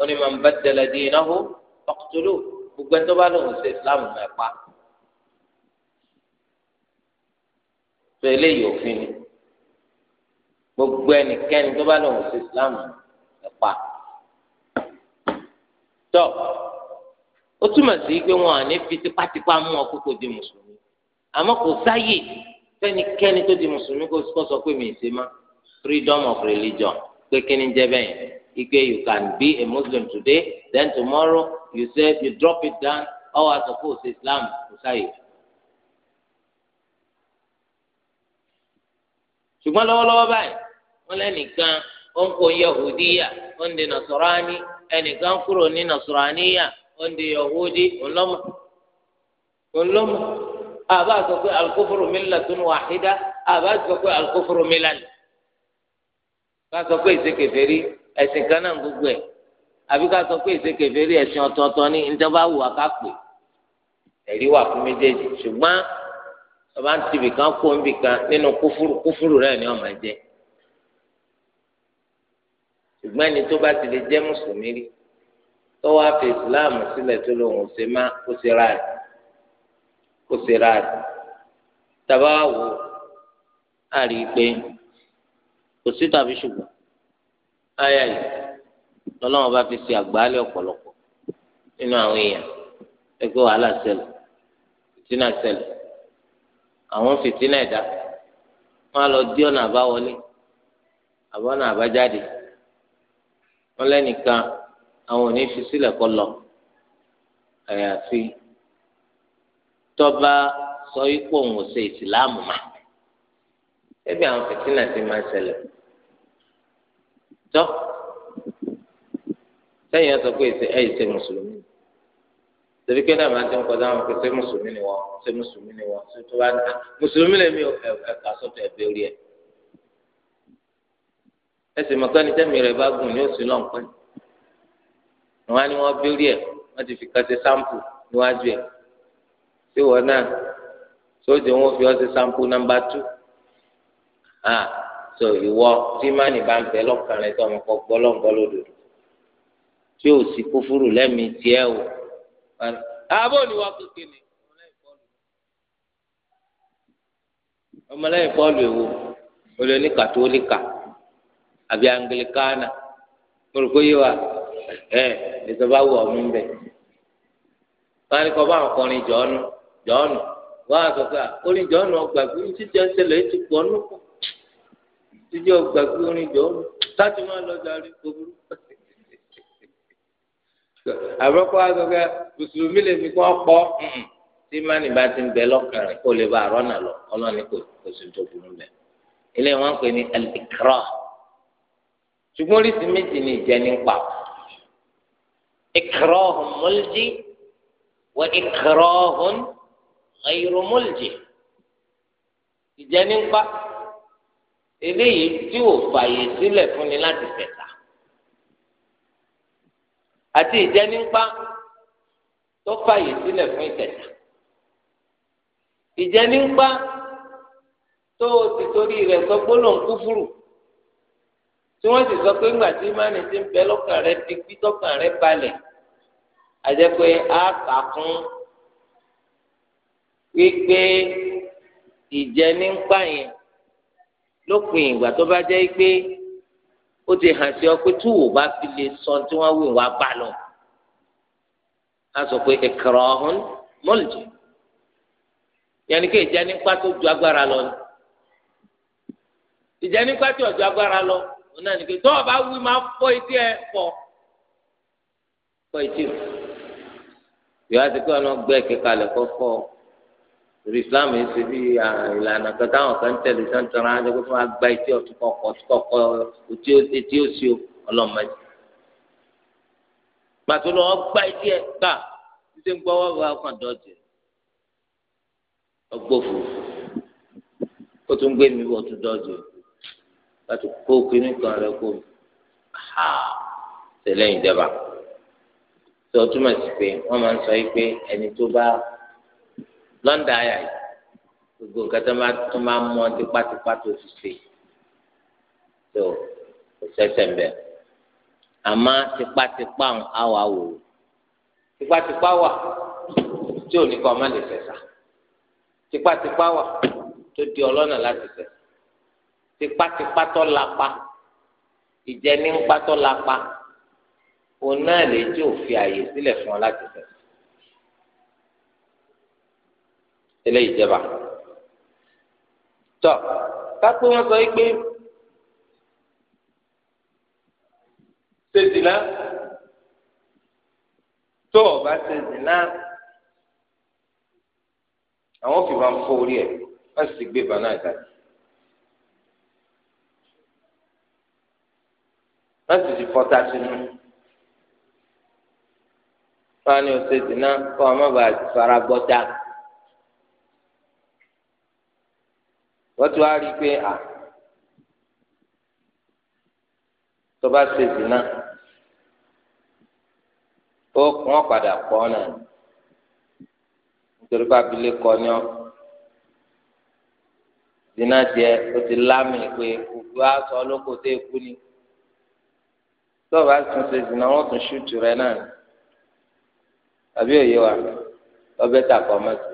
ó ní man baddala dinahu faqtuluhu gbogbo ẹni tó bá lòun ṣe ìsìlámù mẹ́pa. tó eléyìí òfin ni gbogbo ẹnikẹ́ni tó bá lòun sí islam ẹ̀pa tó ó túmọ̀ sí pé wọn à ní fi tipátipá mú ọ kókó di mùsùlùmí àmọ́ kò sáyè fẹ́nikẹ́ni tó di mùsùlùmí kó sọ pé mi ì ṣe má freedom of religion pé kí ni jẹ́ bẹ́ẹ̀ ike you can be a muslim today then tomorrow you say you drop it down ọwọ́ àtọ̀kọ́ òsè islam kò sáyè ṣùgbọ́n lọ́wọ́lọ́wọ́ báyìí wọ́n lẹ́nìkan ó ń kó yahudiya ó ń di nasarani ẹnìkan kúrò ní nasaraniya ó ń di yahudi ńlọ́mọ ńlọ́mọ àbá sọ pé alukófóró millatun wàhídá àbá sọ pé alukófóró mílàní ká sọ pé ìsekèfèrí ẹ̀sìn kan náà gbogbo ẹ̀ àbí ká sọ pé ìsekèfèrí ẹ̀sìn ọ̀tọ̀ọ̀tọ̀ ní ìjọba wù wá ẹ̀rí wà fún méjèèjì ṣùgbọ́n ọba ń tibì kan kó ń bì kan nínú kúfúrú kúfúrú rẹ ni ọmọ jẹ ṣùgbọ́n ẹni tó bá ti lè jẹ́ mùsùlùmí rí tó wá fi islam sílẹ̀ tó lòun ò ṣe má kó ṣe ra rẹ̀ kó ṣe ra rẹ̀ tàbá wò á rí i pé kò sí tàbí ṣùgbọ́n ayà yìí lọ́lọ́wọ́n bá fi ṣe àgbáálẹ̀ ọ̀pọ̀lọpọ̀ nínú àwọn èèyàn ẹgbẹ́ wàhálà ṣẹlẹ̀ ìtínà ṣẹlẹ̀ àwọn fìtínà ẹ̀dá wọn á lọ dí ọ̀nà àbáwọlé àbọ̀nà àbájáde wọn lẹ́nìkan àwọn ò ní fi sílẹ̀ kọ́ lọ àyàfi tọ́ba sọ ipò òun ò ṣe ìsìláàmù mà ẹbí àwọn fìtínà ti máa ṣẹlẹ̀ tọ́ sẹ́yìn ọ̀sọ́ pé ẹ̀ ṣe mùsùlùmí torí pé náà máa ti ń kọjá wọn pé ṣé mùsùlùmí ni wọn ṣé mùsùlùmí ni wọn ṣé tó bá ní ah, mùsùlùmí lèmi ẹ̀ka sọ́tọ̀ ẹ̀bẹ̀ orí ẹ̀ ẹsẹ̀ mọ̀kánì tẹ́mi rẹ̀ bá gùn ní oṣù náà pẹ́ wọn ni wọn bí orí ẹ̀ wọn ti fi kẹsẹ̀ sáǹpù níwájú ẹ̀ ṣé wọn náà sóde wọn fi ọṣẹ sáǹpù nàmbà tù à sọ ìwọ tí mánì bá ń bẹ lọ́kàn rẹ̀ tó ọmọkọ gbọ́lọ́ngbọ́ lódodo tí ò sí kófúrú lẹ́mìí tiẹ̀ o àbọ̀ ni wọ́n kékeré ni ọmọlẹ́yìn pọ́ọ̀lù èwo olè ní kàtólíkà àbí anglikana mo rò pé yé wa ẹ ìjọba wù ọmú ń bẹ wọn á ní kọ́ bá àwọn kọrin jọ́ọ̀nù jọ́ọ̀nù wọn á sọ pé orin jọ́ọ̀nù ọgbà gbé títí ẹsẹ̀lẹ̀ ti pọ̀ nù títí ọgbà gbé orin jọ́ọ̀nù táti máa lọ darí gbogbo àbúrọ̀kọ́ wa sọ pé mùsùlùmí lè fi kọ́ pọ́ tí mánì bá ti ń bẹ lọ́kàn rẹ̀ kó lè bá àrọ́ nà lọ ọlọ́ni kò kò sí tó burú bẹ̀. ilé wọn pè ní alikra ṣùgbọ́n oríṣi méjì ni ìjẹni ń pa ikrahun mulji wa ikrahun ghayru mulji ìjẹni eléyìí tí ò fààyè sílẹ̀ fúnni láti fẹ̀ta àti ìjẹnipa tó fàyè sílẹ̀ fún ìtẹ̀tà ìjẹnipa tó o ti torí rẹ̀ sọ gbólóhùn kúfúrú tí wọ́n sì sọ pé ńgbà tí ìmánì ti ń bẹ lọ́kàn rẹ̀ di gbítọ́kàn rẹ̀ balẹ̀ àjẹpẹ́ á wípé ìjẹnipa yẹn lópin ìgbà tó bá jẹ́ pé ó ti hàn sí ọ pé tí wò bá fi lè sọ tí wọ́n wí wá bá lọ á sọ pé ìkọrọ ọhún mọlìjì yẹnni kí ìjẹ nípa tó ju agbára lọ ni ìjẹ nípa tí ọjọ agbára lọ òun náà nìkan tó o bá wí máa fọ etí ẹ fọ fọ etí rẹ yóò á ti kí ọ̀nà gbẹ kíkalẹ̀ kọ́ fọ́ ọ torí islam yìí ṣe bí ìlànà kan táwọn kan tẹ̀lé santara ẹni pé wọ́n á gba etí ọ̀tún kọ̀ọ̀kọ̀ kọ̀ọ̀kọ̀ etí òsì ọlọ́mọdé pàtó lọ ọgbà etí ẹ̀ gbà títí ń gbọ́ wọ́n bá ọkàn dọ̀jẹ̀ ọgbọ́fù ó tún gbé mi bọ̀ tún dọ̀jẹ̀ láti kó kínní kan rẹ kó ha tẹ̀lé ìjọba tó túmọ̀ sí pé wọ́n máa ń sọ yìí pé ẹni tó bá lọ́ńdà ayà yìí gbogbo nǹkan tó máa tó máa mọ tipátipá tó fi ṣe tó kò ṣẹ̀ṣẹ̀ ń bẹ̀ àmọ́ tipátipá ń àwọ̀ àwò tipátipá wà tí ò ní kọ́ ọmọ lè fẹ̀sà tipátipá wà tó di ọlọ́nà láti fẹ̀ tipátipá tó lapa ìjẹni ń pátọ́ lapa òun náà lè jẹ́ òfin àyè sílẹ̀ fún ọ láti fẹ̀ eléyìí jẹba tọ kápẹ́ wọn sọ pé ṣèṣìlá tó ọba ṣèṣìlá àwọn fi máa ń fọ orí ẹ wọn sì gbé bàánà àjáde wọn sì ti fọta sínú wọn ni ọ̀sẹ̀ dìnnà kọ ọmọ bàá fara gbọta. wọ́n ti wá rí i pé à tó bá ṣe zina ó kàn padà pọ̀ náà nítorí pé abilékọ ni ọ́ zina tiẹ̀ ó ti lámì pé òkú aṣọ olóko tó ekú ni tó bá tún ṣe zina wọ́n tún ṣùtù rẹ̀ náà àbí òye wa ọbẹ̀ tà kọ́ mọ́tò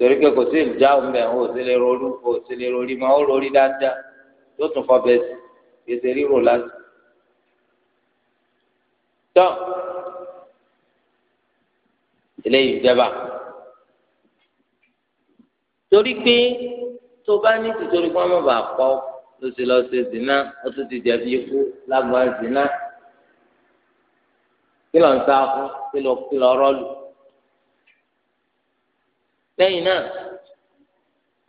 torí pé kò sí ìjà òǹbẹ̀ ò sí lè rọlú ò sí lè rọlí mọ́ ó rọlí dáadáa tó tún fọ bẹ́ẹ̀ sí èsè ríro láti. tọ́ eléyìí jẹba torí pé tó bá ní tìtorí kí wọ́n má bàa pọ̀ ló ti lọ ṣe zina ó tún ti jẹ̀bi ikú lágbára zina kí ló ń sá fún kí ló kí ló lẹ́yìn náà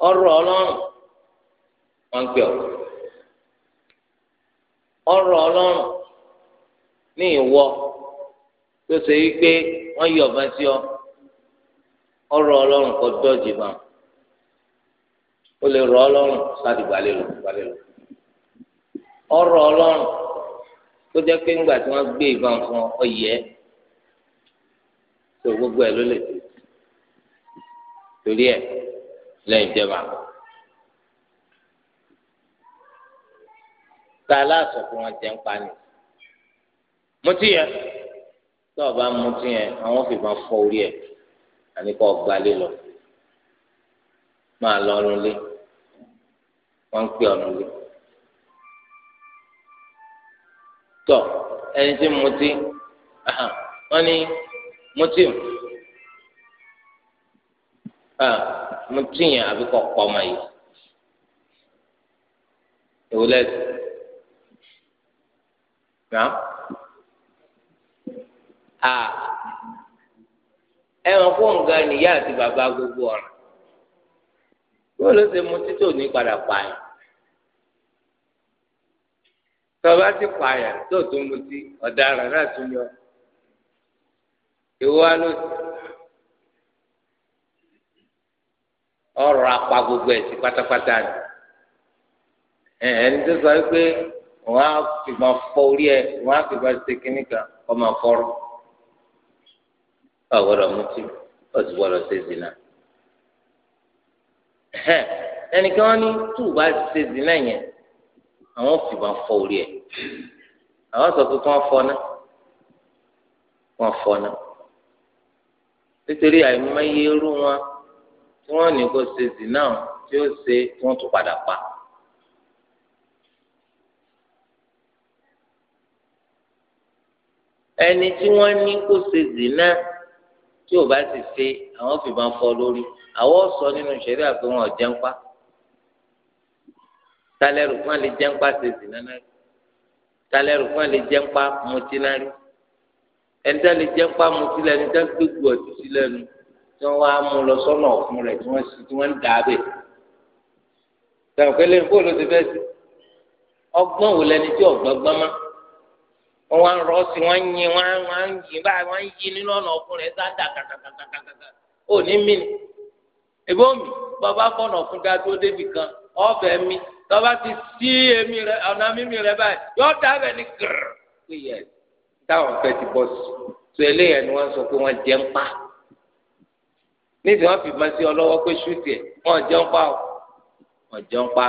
ọ̀rọ̀ Ọlọ́run wọn pè ọ ọ̀rọ̀ Ọlọ́run ní ìwọ tó ṣe yí pé wọ́n yọ ọba sí ọ ọ̀rọ̀ Ọlọ́run o lè rọ Ọlọ́run sádìgbàlè lọ gbàlè lọ ọ̀rọ̀ Ọlọ́run tó jẹ́ pé ńgbà tí wọ́n gbé ìbọn fún ọ yẹ gbogbo torí ẹ lẹ́yìn jẹba tá a láàṣọ fún wọn jẹ ń pa ni mutí yẹn tó o bá mutí yẹn àwọn fìbọn fọ́ orí ẹ àní kò gbalé lọ máa lọ ọrùn lé wọn ń pè ọrùn lé tọ ẹni tí mutí wọn ní mutí o. Ah, mo tìyàn àbí kọ pọ ọmọ yìí èwo lẹsẹ ah, náà a ẹwọn kó nǹkan nìyá àti bàbá gbogbo ọ̀ràn wọn ló ṣe mu títò ní padà pààyàn tọba ti pààyàn tó tún mu sí ọ̀daràn náà tún yọ ìwọ alóòtú. ọ̀rọ̀ apá gbogbo ẹ̀sìn pátápátá ni ẹni tó sọ pé wọn á fìbọn fọ orí ẹ wọn á fìbọn ṣe kínní kan ọmọ fọrọ ọgbọdọ mutí ọtí gbọdọ ṣe zina ẹnìkan wọn ní tù bá ṣe zina yẹn àwọn fìbọn fọ orí ẹ àwọn sọ pé kí wọn fọ náà wọn fọ náà nítorí àìmọye irú wọn tí wọ́n ní kó ṣe zì náà tí ó ṣe tí wọ́n tún padà pa. ẹni tí wọ́n ní kó ṣe zì náà tí ò bá sì ṣe àwọn fìbọn fọ́ lórí àwọn sọ nínú ìṣẹ̀lẹ̀ àpé wọn ò jẹun pa talẹ́rù fún alẹ́ jẹ́ ńpa ṣe zì náà rí talẹ́rù fún alẹ́ jẹ́ ńpa mutí náà rí ẹni tí alẹ́ jẹ́ ńpa mutí lẹ́nu tí wọ́n gbé gbòòtù sí lẹ́nu tí wọ́n wá mú lọ sọ́nà ọ̀fun rẹ̀ tí wọ́n sì tí wọ́n ń dà á bẹ̀. sàpẹ́lẹ́ nǹkó ló ti fẹ́ sí ọgbọ́n wò lẹni tí ọ̀gbọ́n gbọ́n mọ́ wọ́n wá ń rọ́ sí wọ́n ń yin wọ́n á ń yin báyìí wọ́n ń yin nínú ọ̀nà ọ̀fun rẹ̀ sá dà kàkàkàkàkàkà ò ní mí ni èbó mi bàbá fọ̀nà ọ̀fun ga tó débì kan ọ̀fẹ́ mi tọ́ba ti sí èmi rẹ ọ̀nà mímí rẹ báyìí yọ̀ọ́ dábẹ́ ni gírrrr táwọn fẹ́ ti bọ́ sí so eléyẹ̀ ni wọ́n sọ pé wọ́n jẹ́ ń pa níbi wọn fìbọn sí ọ lọ́wọ́ pé ṣúùtì ẹ wọn jẹun pa ọ wọn jẹun pa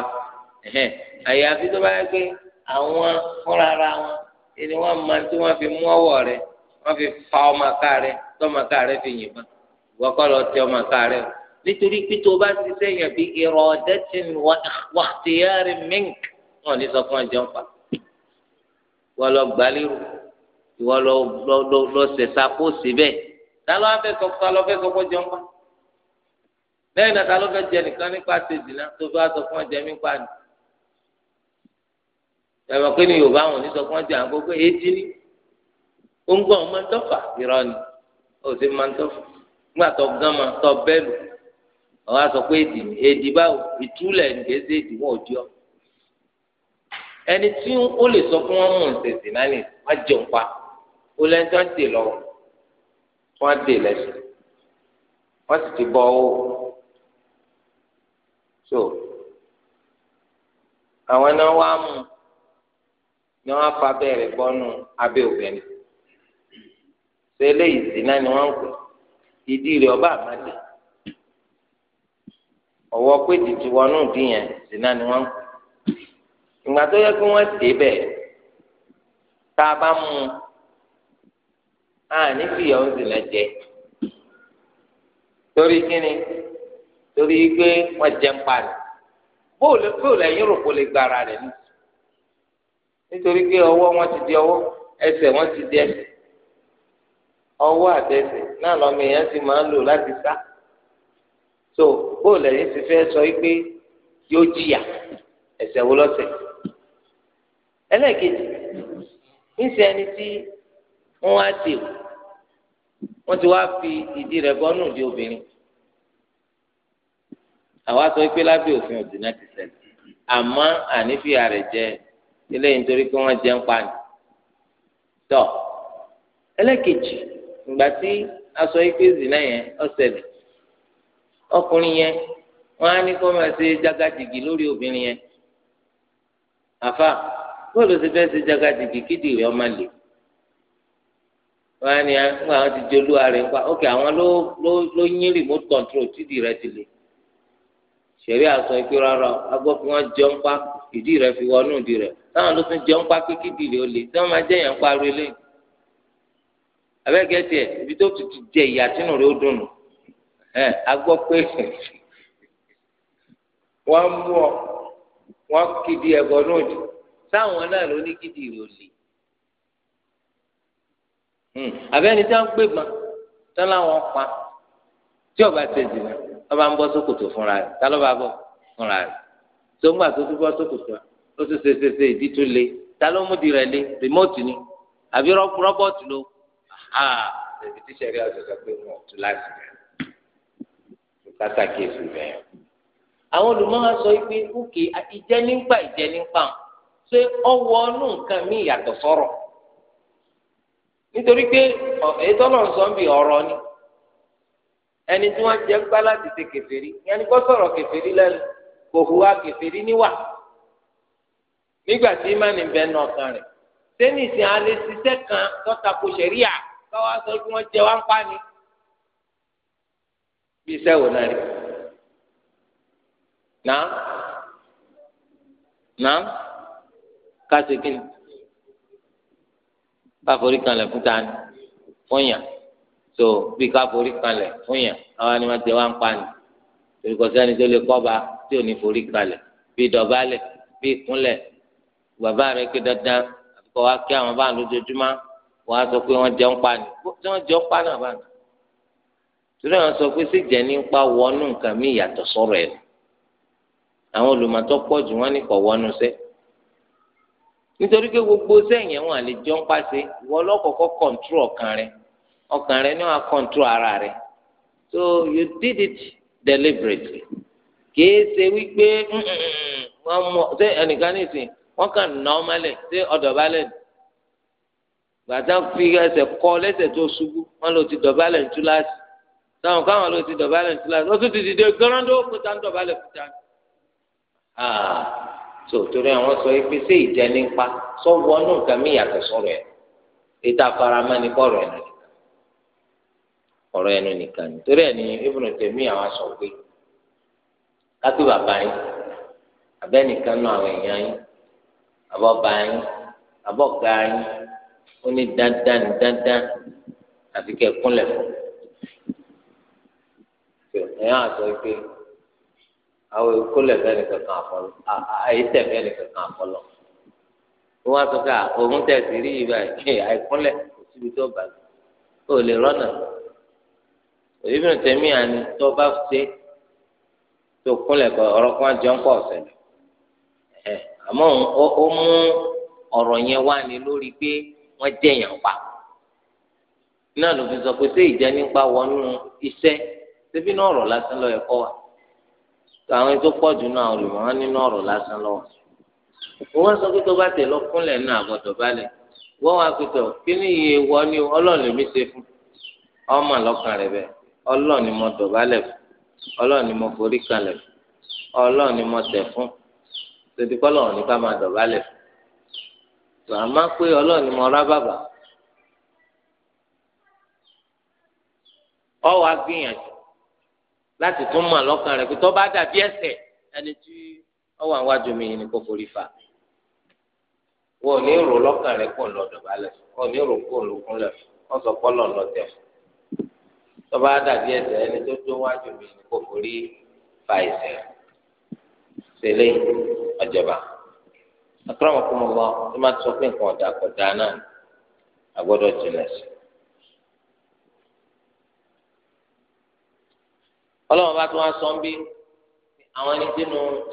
ẹhẹn àyàfi tó bá yẹ pé àwọn fúnra ara wọn ẹni wọn máa tí wọn fi mú ọwọ́ rẹ̀ wọn fi fa ọmọ aká rẹ̀ tọmọ aká rẹ̀ fi yìnbọn ìwọ kọ́ lọ tẹ ọmọ aká rẹ̀ nítorí pé tó bá ti sẹ́yìn bí iradatin wa ikhtiyari mink wọn ní sọ fún ọ jẹun pa wọn lọ gbàlérò ìwọ lọ lọ lọ sẹsà kó síbẹ̀ tá ló wá fẹ́ sọ lọ fẹ́ sọ fún ọ pa lẹ́yìn náà ta ló fẹ́ jẹ nìkan nípa tèzì náà tó bá sọ fún ọjà mi pa ni ẹ̀rọ pé ní yorùbá wọn ní sọ fún ọjà gbogbo èjì ni ó ń gbọ́ ọmọ ń tọ́fà irọ́ ni ó sì máa ń tọ́fà nígbà tó gán ma tó bẹ́ẹ̀lù ọ̀hún sọ pé èdì ni èdì báwo ìtúlẹ̀ nìké sí èdì wọn ò di ọ ẹni tí ó lè sọ fún wọn mú un náà ni wọn jẹun pa ó lẹ́ńtọ́ àwọn wa wá mú ni wọn afa bẹ̀rẹ̀ bọnu abẹ́ obìnrin ṣe eléyìí sí ni wọn ń pè ìdí rẹ̀ ọba àmàlẹ ọwọ́ pé títí wọnú ìdí yẹn ni wọn ń pè ìgbà tó yẹ kí wọn dé a bá mú jẹ torí torí pé wọn pa bóòlù bóòlù ẹ̀yìn rò kó lè gba ara rẹ̀ ní. nítorí pé ọwọ́ wọn ti di ọwọ́ ẹsẹ̀ wọn ti di ẹsẹ̀ ọwọ́ àtẹsẹ̀ náà lọ́mọ èèyàn ti máa ń lò láti sá. so bóòlù ẹ̀yìn ti fẹ́ sọ pé yóò jìyà ẹsẹ̀ wo lọ́sẹ̀. ẹlẹ́ẹ̀kejì níṣẹ́ ẹni tí wọ́n á dè wọ́n ti wá fi ìdí rẹ̀ bọ́nù di obìnrin àwa sọ pé lábẹ́ òfin òdìnnà ti ṣẹlẹ̀ àmọ́ ànífìyà rẹ̀ jẹ eléyìí nítorí pé wọ́n jẹ́ ń pa ni. tọ́ ẹlẹ́kejì ìgbà tí a sọ pé zina yẹn ọ̀sẹ̀lẹ̀ ọkùnrin yẹn wọ́n á ní kó máa ṣe jágajìgì lórí obìnrin yẹn àfa bóòlù ti fẹ́ ṣe jágajìgì kídì rẹ̀ ọmọ lè wọ́n á ní àwọn ti jolú ara rẹ̀ ń pa ókè àwọn ló ló ló yín remote control tídì rẹ̀ ti lè. ṣẹ̀rí àsọ ìpè rárá agbọ́ fún wọn jẹun pa ìdí rẹ fi wọnú ìdí rẹ̀ táwọn tó tún jẹun pa pé kídìrì ó le tí wọ́n máa yẹn ibi tó tutù jẹ ìyá tínú rẹ̀ ó dùnú agbọ́ pé ọ wọn kìdí náà jù táwọn náà ló ní abẹ́ni hmm, tí pa tí ọba lọ́ba ń bọ́ sókòtò fúnra rẹ̀ tá lọ́ba bọ̀ fúnra rẹ̀ tó ń gbà tó tún bọ́ sókòtò ó tún ṣe ṣe ṣe ìdí tó le tá ló mú di rẹ̀ le rìmọ́ọ̀tì ni àbí rọ́bọ̀tì ló ha ẹ̀bí tí sẹ́rí àjọṣe pé wọn ò tún láti rẹ̀ kátà kéésì bẹ́ẹ̀. àwọn olùmọ́ra sọ pé òkè ìjẹ́nípa ìjẹ́nípa ṣé ọwọ́ ọ̀nù nǹkan mí ìyàtọ̀ sọ̀rọ̀ nítorí pé ètò náà sọ ń bi ọ̀rọ̀ ni ẹni tí wọ́n jẹ́ gbá láti ṣe kèfèrí yẹnni kó sọ̀rọ̀ kèfèrí lẹ́nu kò hùwà kèfèrí níwà nígbà tí ìmánì bẹ nà ọkàn rẹ̀ sẹ́ni ìsìn alẹ́ ṣiṣẹ́ kan tọ́ta kò ṣẹ̀ríà káwá sọ pé wọ́n jẹ wá ń pa ni bí iṣẹ́ wò náà rí nà nà kásìkì ní bá forí kan lẹ̀ fún yàn so bí ká forí kalẹ̀ fún yàn àwọn ni wọ́n ti wá ń pa ni olùkọ́sẹ́ ni tó lè kọ́ba tí ò ní forí kalẹ̀ bí dọ̀bálẹ̀ bí ìkúnlẹ̀ bàbá rẹ̀ pé dandan àfikọ́ wa kí àwọn bá ń lójoojúmọ́ wọ́n á sọ pé wọ́n jẹun pa ni tí wọ́n jẹun pa náà bá ń torí àwọn sọ pé síjẹ nípa wọnú nǹkan mí ìyàtọ̀ sọ̀rọ̀ ẹ̀ àwọn olùmọ̀tọ́ pọ̀ jù wọ́n ní kọ̀ wọnú sẹ́ẹ̀ nítorí pé gbogbo sẹ́yìn wọn àlejò ń pàṣẹ wọ́n lọ́kọ̀ọ́kọ́ kọ̀ǹtúrọ̀ kan rẹ̀ ọkàn rẹ ni wàá control ara rẹ so you did it deliberately kìí ṣe wípé wọn mọ ṣé ẹnìkan nìsín wọn kàn ná ọmọ lẹ ṣé ọdọ̀bálẹ̀ gbàtà fi ẹsẹ̀ kọ lẹ́sẹ̀ tó ṣubú wọn lò ti dọ̀bálẹ̀ ntúláṣì táwọn káwọn lò ti dọ̀bálẹ̀ ntúláṣì wọn tún ti dìde gọrọndó kúta ń dọ̀bálẹ̀ kúta ah, so torí àwọn sọ pé ṣé ìjẹnipa sọ wọnú nǹkan mi yàtọ̀ sọ̀rọ̀ ẹ ètò àfaramẹ ni kọrọ ẹ nàlẹ ọ̀rọ̀ ẹnu nìkan ni torí ẹ̀ ní Ibn Taymiyyah àwọn aṣọ pé kápẹ́ bàbá yín abẹ́nìkan nù àwọn èèyàn yín àbọ̀bá yín àbọ̀gá yín ó ní dandan ní dandan àfi kẹ́ kúnlẹ̀ fún ẹ̀yàn àṣọ pé àwọn ìkúnlẹ̀ fẹ́ni kankan àfọlọ́ àyítẹ̀ fẹ́ni kankan àfọlọ́ wọ́n á sọ pé òun tẹ̀sí rí ibà àìkúnlẹ̀ kò síbi tó bàgbé ó lè rọ́nà. Ibn Taymiyyah ni tó bá ṣe tó kúnlẹ̀ kọ ọ̀rọ̀ kan jọ ń pọ̀ ṣẹlẹ̀ ẹ̀ àmọ́ ó mú ọ̀rọ̀ yẹn wá ní lórí pé wọ́n pa náà ló fi sọ pé ṣé ìjẹ́ nípa wọnú iṣẹ́ náà ọ̀rọ̀ lásán ẹ̀kọ́ wa àwọn tó pọ̀ jù náà nínú ọ̀rọ̀ lásán wọ́n sọ pé tó ni ni ọlọ́ọ̀lẹ́mí ṣe fún ọmọ lọ́kàn ọlọ́ọ̀ni mo dọ̀bálẹ̀ fún ọlọ́ọ̀ni mo forí kalẹ̀ fún ọlọ́ọ̀ni mo tẹ̀ fún tètèkọ́ ọlọ́ọ̀ni ká máa dọ̀bálẹ̀ fún tó a máa pé ọlọ́ọ̀ni mo rá bàbà ọwọ́ agbìyànjú láti tún mọ̀ lọ́kàn rẹ̀ pé tó bá dàbí ẹsẹ̀ ẹni tí ọwọ́ àwọn mi ni kò forí fa wọn ò ní rò lọ́kàn rẹ̀ kò lọ́dọ̀ balẹ̀ wọn ò ní rò kò lókun lẹ̀ wọ́n sọ pé ọlọ́ọ̀ni lọ tẹ̀ fún tọba dàbí ẹsẹ̀ ẹni tó tó wájú mi kò forí fa ẹsẹ̀ ṣẹlẹ̀ ọjọba akọrọmọ kọ mọ lọ tó máa sọ pé nǹkan ọdà kọ dáa náà agbọ́dọ̀ jìnà sí. ọlọ́run bá tún wá sọ ń bí àwọn ẹni tí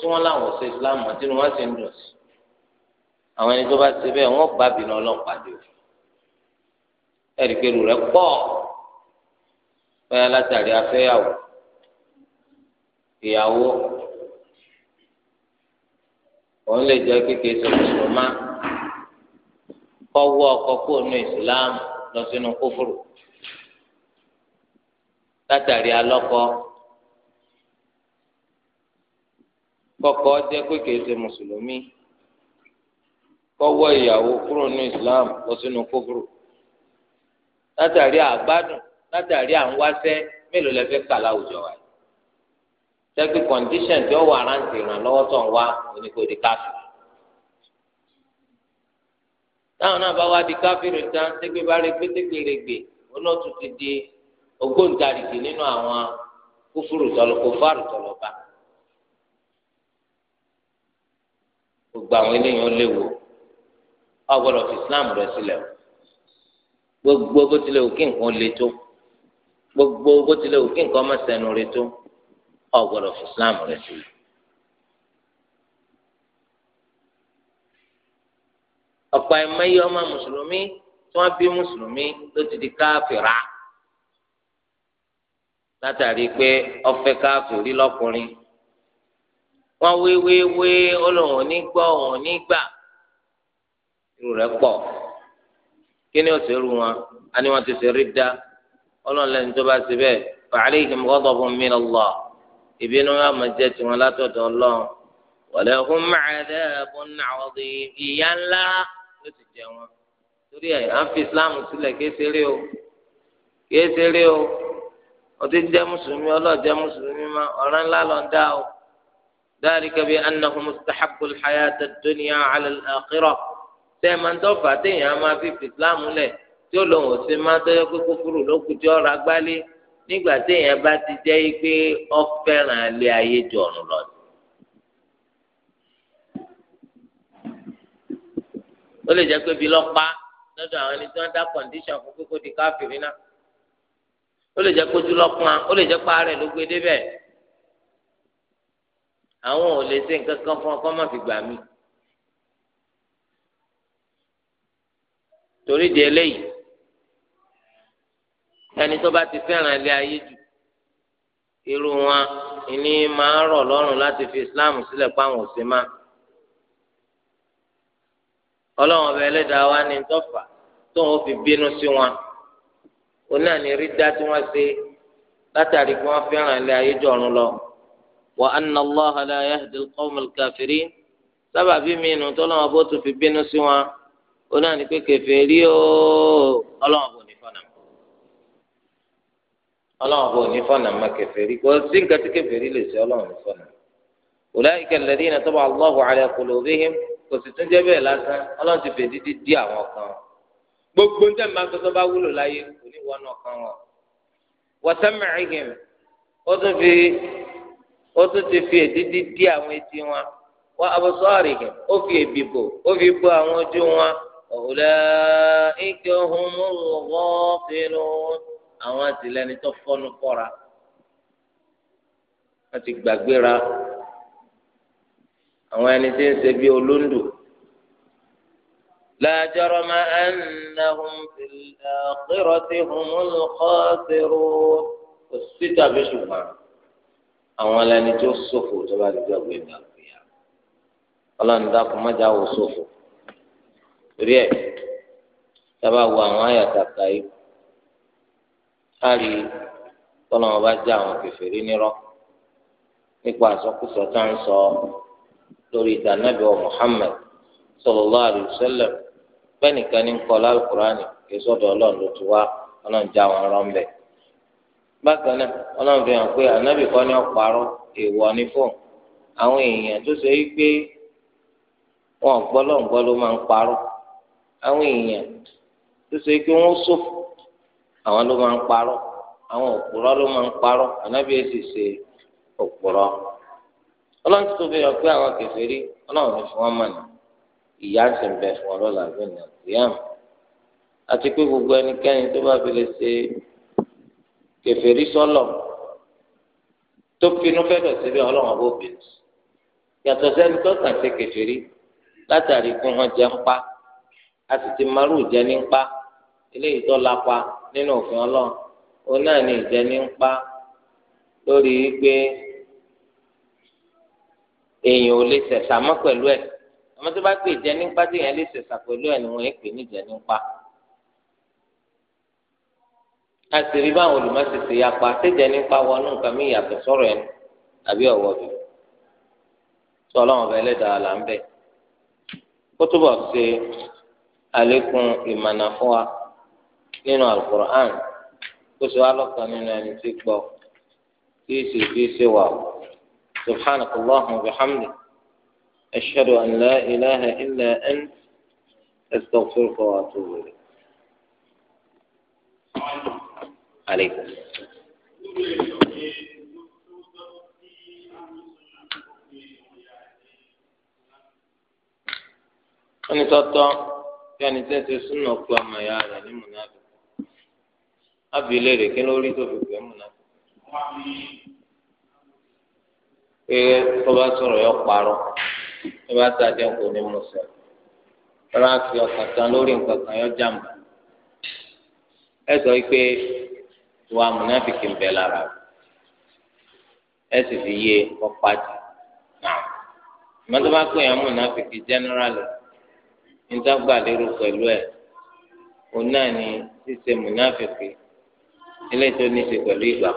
wọ́n láwọn ṣe islam àti tí wọ́n sì ń dùn sí àwọn ẹni tó bá ṣe bẹ́ẹ̀ wọ́n gbà bínú ọlọ́run pàdé o rẹ̀ pọ̀ báyà látàrí afẹ́yàwó ìyàwó òun lè jẹ́ kékeré sọ mùsùlùmá kọ́wọ́ ọkọ kó nu islam lọ sínú kófòrò látàrí alọ́kọ kọ́kọ́ jẹ́ kékeré sọ mùsùlùmí kọ́wọ́ ìyàwó kúrò nu islam lọ sínú kófòrò látàrí àgbádùn látàrí à ń wáṣẹ́ mélòó lẹ fẹ́ kà láwùjọ wa yìí sẹ́kì kọ́ndíṣàn tí ó wà rántí ìrànlọ́wọ́ tó ń wá oníkòdì káfíìn táwọn náà bá wá di káfíìn tán sẹ́kì bá rí pétékèrègbè onótù ti di ògbóǹtarìgì nínú àwọn kófúrú tọlọ kófárù tọlọ bá gbogbo àwọn eléyìí ó léwu ọ gbọ́dọ̀ fi Islam rẹ sílẹ̀ o gbogbo bó tilẹ̀ òkè nǹkan le tó gbogbo bó tilẹ̀ òkè nǹkan ọmọ sẹ́nu rẹ tó ọ̀gbọ́dọ̀ fún islam rẹ sí i. ọ̀pọ̀ ẹ̀mẹ́yẹ ọmọ mùsùlùmí tí wọ́n bí mùsùlùmí ló ti di káfìrà látàrí pé ọfẹ́ káfìrí lọ́kùnrin wọ́n wéwéwé olóhùn nígbà òhùn nígbà irú rẹ̀ pọ̀ kí ni ó ṣe rú wọn a ní wọ́n ti ṣe rí dá ọlọ́run lẹ́nu tó bá ṣe bẹ́ẹ̀ fa alayhim ghadabun min Allah ìbínú yóò máa jẹ́ tiwọn látọ̀dọ̀ ọlọ́run wa lahum 'adhabun 'adhim ìyà ńlá ló ti jẹ wọn. torí ẹ̀ à ń fi islam sílẹ̀ kéṣeré o kéṣeré o ọtí jẹ́ mùsùlùmí ọlọ́ọ̀jẹ́ mùsùlùmí ma ọ̀ràn ńlá lọ ń dá o. ذلك بأنهم استحبوا الحياة الدنيا على الآخرة. tẹ́ẹ̀mà ń tọ́fà téèyàn á máa fi fi islam lẹ̀ tí ó lòun ò sí máa tọ́jọ́ pé kókúrú ló kù tí ó ra gbálé nígbà tí èèyàn bá ti jẹ́ pé ó fẹ́ràn ilé ayé ju ọ̀run lọ. ó lè jẹ́ pé bí lọ́pa lọ́dọ̀ àwọn ẹni tí wọ́n dá kọ̀ǹdíṣàn fún kókó di káfíìrì náà ó lè jẹ́ kójú lọ́pọ́n ó lè jẹ́ pààrẹ̀ ló gbé débẹ̀ àwọn ò lè ṣe nǹkan kan fún ọkọ má fi gbà mí torí di eléyìí ẹni tó bá ti fẹ́ràn ilé ayé jù irú wọn ìní máa ń rọ̀ lọ́rùn láti fi islam sílẹ̀ páwọn òsè máa ọlọ́run ọba ẹlẹ́dàá wa ní tọ́fà tóun fi bínú sí wọn òun náà ní rí dá tí wọ́n ṣe látàrí kí wọ́n fẹ́ràn ilé ayé jù ọ̀run lọ wa anna allaha la yahdi al-qawm sábàbí mi nù tọ́lọ́run ọba tún fi bínú sí wọn òun náà ní pé kèfèrí o ọlọ́run ọlọ́run kò ní fọ́nà Maka kèfèrí kò sí nǹkan tí kèfèrí lè ṣe ọlọ́run ní fọ́nà. ulaika alladhina taba ala qulubihim kò sì tún jẹ́ bẹ́ẹ̀ lásán ọlọ́run ti fèdí gbogbo ń bá wúlò láyé kò ní wọ́n náà kan wọn. fi àwọn etí wọn. ó fi èbì bò ó fi bò àwọn ojú wọn. àwọn àtìlẹ́ni tó fọ́nù kọ́ra wọ́n ti gbàgbéra àwọn ẹni tí ń ṣe bí olóńdò. لا جرم أنهم في الآخرة هم الخاسرون òsítà bí ṣùgbọ́n àwọn ẹlẹ́ni tó ṣòfò tó bá ti gbàgbé ìgbàgbé ya ọlọ́run dákun mọ́jà wò ṣòfò torí ẹ̀ sábà wo àwọn àyàtàkà yìí. ari tọ́lọ́mọ bá já àwọn kèfèrí nírọ́ nípa àsọkúsọ tá à ń sọ lórí ìdánábì wa Muhammad sallallahu alaihi wasallam bẹ́ẹ̀ ní kọ́ lálùkùránì kì ọlọ́run ló ti wá ọlọ́run já àwọn ọ̀rọ̀ bákan náà ọlọ́run fi hàn pé ànábì kan ní èèwọ̀ ní wọn gbọ́lọ́ǹgbọ́ ló máa ń parọ́ àwọn èèyàn tó ṣe wọn àwọn ló máa ń parọ́ àwọn òpùrọ́ ló máa ń parọ́ ànábì èsì ṣe òpùrọ́ ọlọ́run tó fi hàn pé àwọn kèfèrí ọlọ́run ní fún wọn mọ̀ ní ìyà ń sì ń bẹ fún ọlọ́lá gbẹ̀nà ìyáàmù àti pé gbogbo ẹnikẹ́ni tó bá fi lè ṣe kèfèrí sọ́lọ̀ tó finú fẹ́dọ̀ síbi ọlọ́run ọbọ̀ bìnú yàtọ̀ sẹ́ni tó kàn ṣe kèfèrí látàrí pé wọ́n jẹ́ ń pa a sì ti marú jẹ́ ní ń pa eléyìí tó lápa nínú òfin Ọlọ́run òun náà ní ìjẹni ń pa lórí wípé èèyàn ò lè sẹ̀sà mọ́ pẹ̀lú ẹ̀ àmọ́ tó bá pè ìjẹni ń pa tí èèyàn lè sẹ̀sà pẹ̀lú ẹ̀ ni wọ́n ń pè ní ìjẹni ń pa. a sì rí báwọn olùmọ̀sẹ̀sẹ̀ ya pa séjẹni ń pa wọnú nǹkan mí ìyàtọ̀ sọ̀rọ̀ ẹni àbí ọ̀wọ́ bì sọ ọlọ́run ọba ẹlẹ́dàá là ń bẹ̀ kó túbọ̀ ṣe àlékún ìmọ̀nà fún wa. nínú alukur'an kó sọ alọ́kàn nínú ẹni tí gbọ́ kí sì fi sì wà ó subhanaka allahumma wa bihamdik ashhadu an la ilaha illa an ant astaghfiruka wa atubu ilayk. عليكم ẹni tọ́tọ́ kí ẹni tẹ́tẹ́ súnà kú ọmọ ìyá rẹ̀ ní mùnàbí. ábìlẹ̀ de, kí ló rí tó fi pè é múná. pé tó bá sọ̀rọ̀ yọ parọ́ tó bá sàdé kò ní mú sọ rárá fi ọkàn tán lórí nǹkan kan yọ jàǹbá ẹ sọ pé ìwà múnáfìkì ń bẹ lára ẹ sì fi yé ọ̀pá jù náà mọ́tò bá pè é múnáfìkì jẹ́nẹ́rálì nígbà gbàlérò pẹ̀lú ẹ̀ òun náà ni ṣíṣe múnáfìkì eléyìí tó ní í ṣe pẹ̀lú ìgbà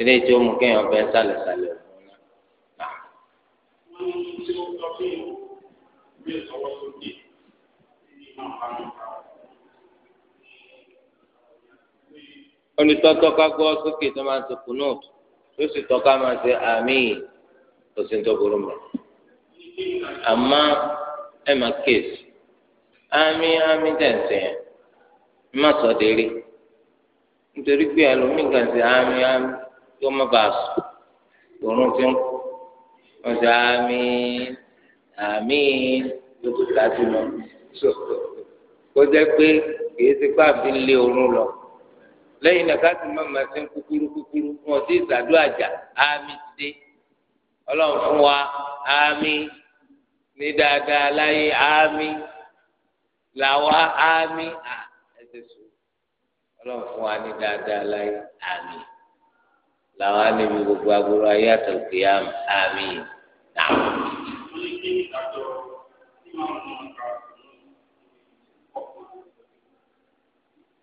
eléyìí tó mú kéèyàn bẹ́ẹ̀ sálẹ̀ sálẹ̀ òun náà. olùtọ́tọ́ ká gbọ́ sókè tó máa ń sọ kùnú tó sì tọ́ka máa ṣe àmín kò sí ní tó burú mọ́ àmọ́ ẹ̀ máa kéèsì àmín àmín tẹ̀ ń má sọ délé nítorí pé ẹlòmíì kan ṣe àmì àmì tó má bàa sùn òórùn ti ń kú wọn ṣe àmì àmì tó tó ta sí lọ kó jẹ pé kì í ti pa fi lé òórùn lọ lẹ́yìn náà káàtì mọ̀mọ́ ti ń kúkúrú kúkúrú wọn sì ṣàdó àjà àmì dé ọlọ́run fún wa àmì ní dáadáa láyé àmì làwa àmì àmì ọlọ́run fún wa ní dáadáa láyé àmì làwọn alẹ́bí gbogbo agbóró ayé àtọ̀kè àmì náà.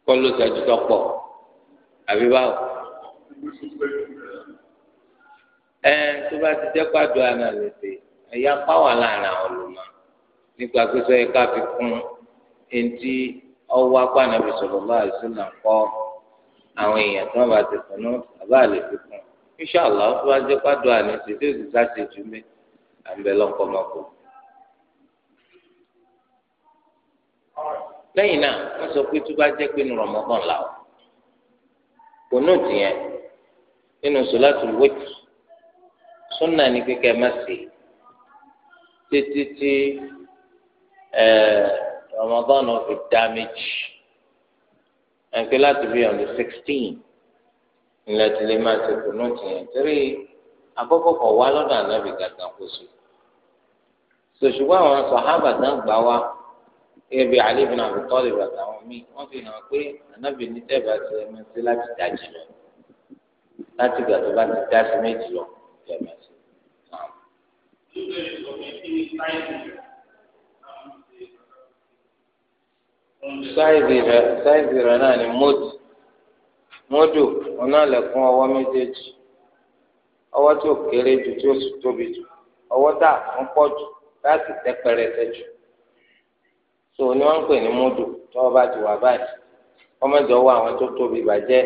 kọlu sẹju tọpọ àbí báwo ẹ tó bá ti jẹ pàdó àná lẹsẹ ẹyà pàwọn láàrin àwọn olùmọ nípa pé sọ yẹ ká fi kún eŋti ọwọ́ apá nàbì sọ̀rọ̀ bá àìsí là ń kọ́ àwọn èèyàn tí wọ́n bá ti kùnú àbá àlè fi kùn inṣàlá tó bá jẹ́ pàdó àná ti tí òsì sá ti jù mí à ń bẹ lọ́kọ́ máa kú. lẹ́yìn náà wọ́n sọ pé tó bá jẹ́ pé nu rọ̀mọ́gàn làwọ̀ kùnú tìyẹn nínú sọláàtù wẹ́tì súnà ní kékeré má sí títí tí ẹ̀ẹ́. Ramadan of fi dá méjì ẹnpẹ láti bí ọ̀nà sixteen ńlẹ̀ tí lè máa ṣe kùnú tìyẹn torí àkọ́kọ́ kọ̀ wá lọ́dọ̀ ànábì gàgà kó so sòṣùgbọ́n àwọn sàhábà náà gbà wá ebi Ali bin Abi Talib àtàwọn míì wọ́n fi hàn pé ànábì ní tẹ́ẹ̀bà ti ẹ̀ máa ṣe láti dájì lọ láti gbà tó bá ti dá sí méjì lọ tẹ́ẹ̀bà ṣe. sáìzì rẹ̀ sáìzì rẹ̀ náà ni módù módù ọ̀nà lẹ̀kún ọwọ́ méjèèjì ọwọ́ tí ó kéré jù tí ó sì tóbi jù ọwọ́ tá a fún pọ̀ jù láti tẹ́ pẹrẹsẹ jù tó ní wọ́n ń pè ní módù tọ́wọ́ bá ti wà báyìí ọmọdé ọwọ́ àwọn tó tóbi bàjẹ́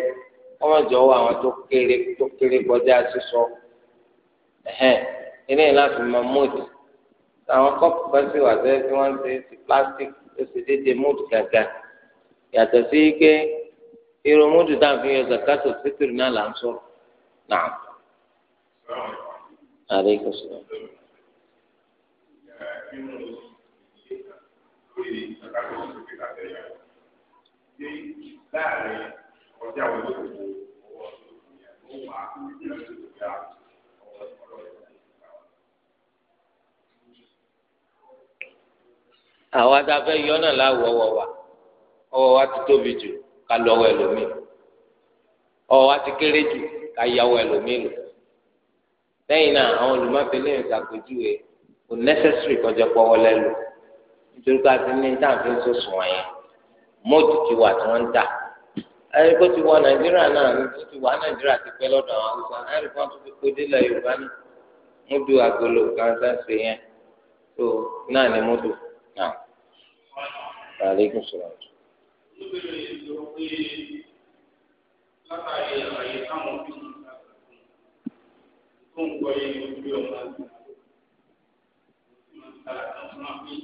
ọmọdé ọwọ́ àwọn tó kéré tó kéré kọjá sísọ ẹ̀hẹ́n eléyìí láti mọ módù àwọn kọ́pù kan sì wà tí wọ́n ń ti plastic ó sì déédéé múùdù gàgà yàtọ̀ sí pé irun múùdù tá à ń fi yọ zakato fitiri náà là ń sọ̀rọ̀ náà. Aleykum àwọn adáfẹ́ yọ náà láwọ̀ ọwọ́ wa ọwọ́ wa ti tóbi jù ká lọ́wọ́ ẹlòmíì ọwọ́ wa ti kéré jù ká yàwọ́ ẹlòmíì lò lẹ́yìn náà àwọn olùmọ̀fẹ́lẹ́ ìṣàpèjúwe kò nẹ́sẹ̀sìrì kọjá pọ́wọ́ lẹ́lu nítorí pé ti ní táàfin sọ̀sùn ti wà tí wọ́n ń tà ẹni kó ti wọ nàìjíríà náà tó ti wà nàìjíríà ti pẹ́ lọ́dọ̀ àwọn haúsá ẹni kan tó ti kó Alaikum salaam. látàrí àlàyé táwọn òbí yìí ń gbàgbọ́ tó ń gbọ́ yẹn ní ojú ọmọ àgbà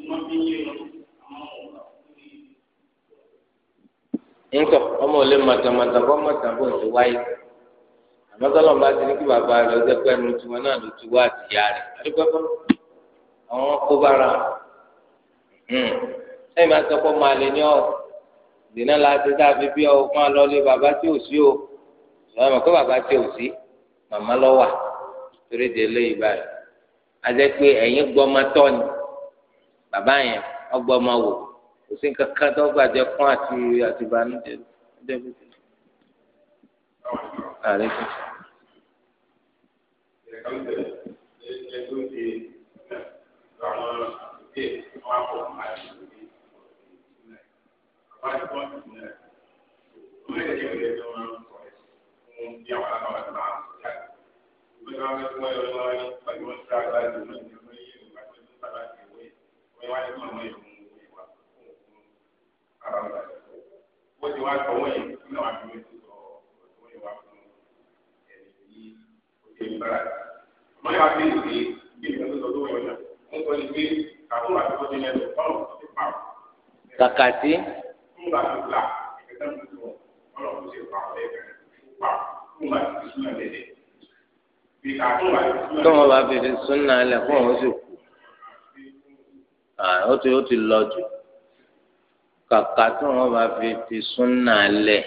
wọ́n fi ń yé wọn àwọn ọmọ nítorí ọmọ ò lè wáyé àmọ́tọ́lọ́ bá ti ní kí bàbá rẹ̀ ó dẹ́pẹ́ nu tiwọn náà ló ti wá àtìyá rẹ̀ adúgbò fún àwọn kó bára hmm ẹ̀yin máa sọ pé máa lè ní ọ dènà láti tá a fi bí ọ máa lọ bàbá tí ò sí o ìwọ́n mọ̀ pé bàbá tí ò sí màmá lọ wà torí de léyìí báyìí àti pé ẹ̀yin gbọ́mọ tọ́ ni bàbá yẹn ọgbọ́mọ wò kò sí nǹkan kan tó gbàjẹ́ fún àti àtìbánújẹ́ ọjọ́ bíi. náà lẹ̀ fún òun sì kú ó ti ó ti lọ jù kàkà tí wọ́n bá fi ti súnà lẹ̀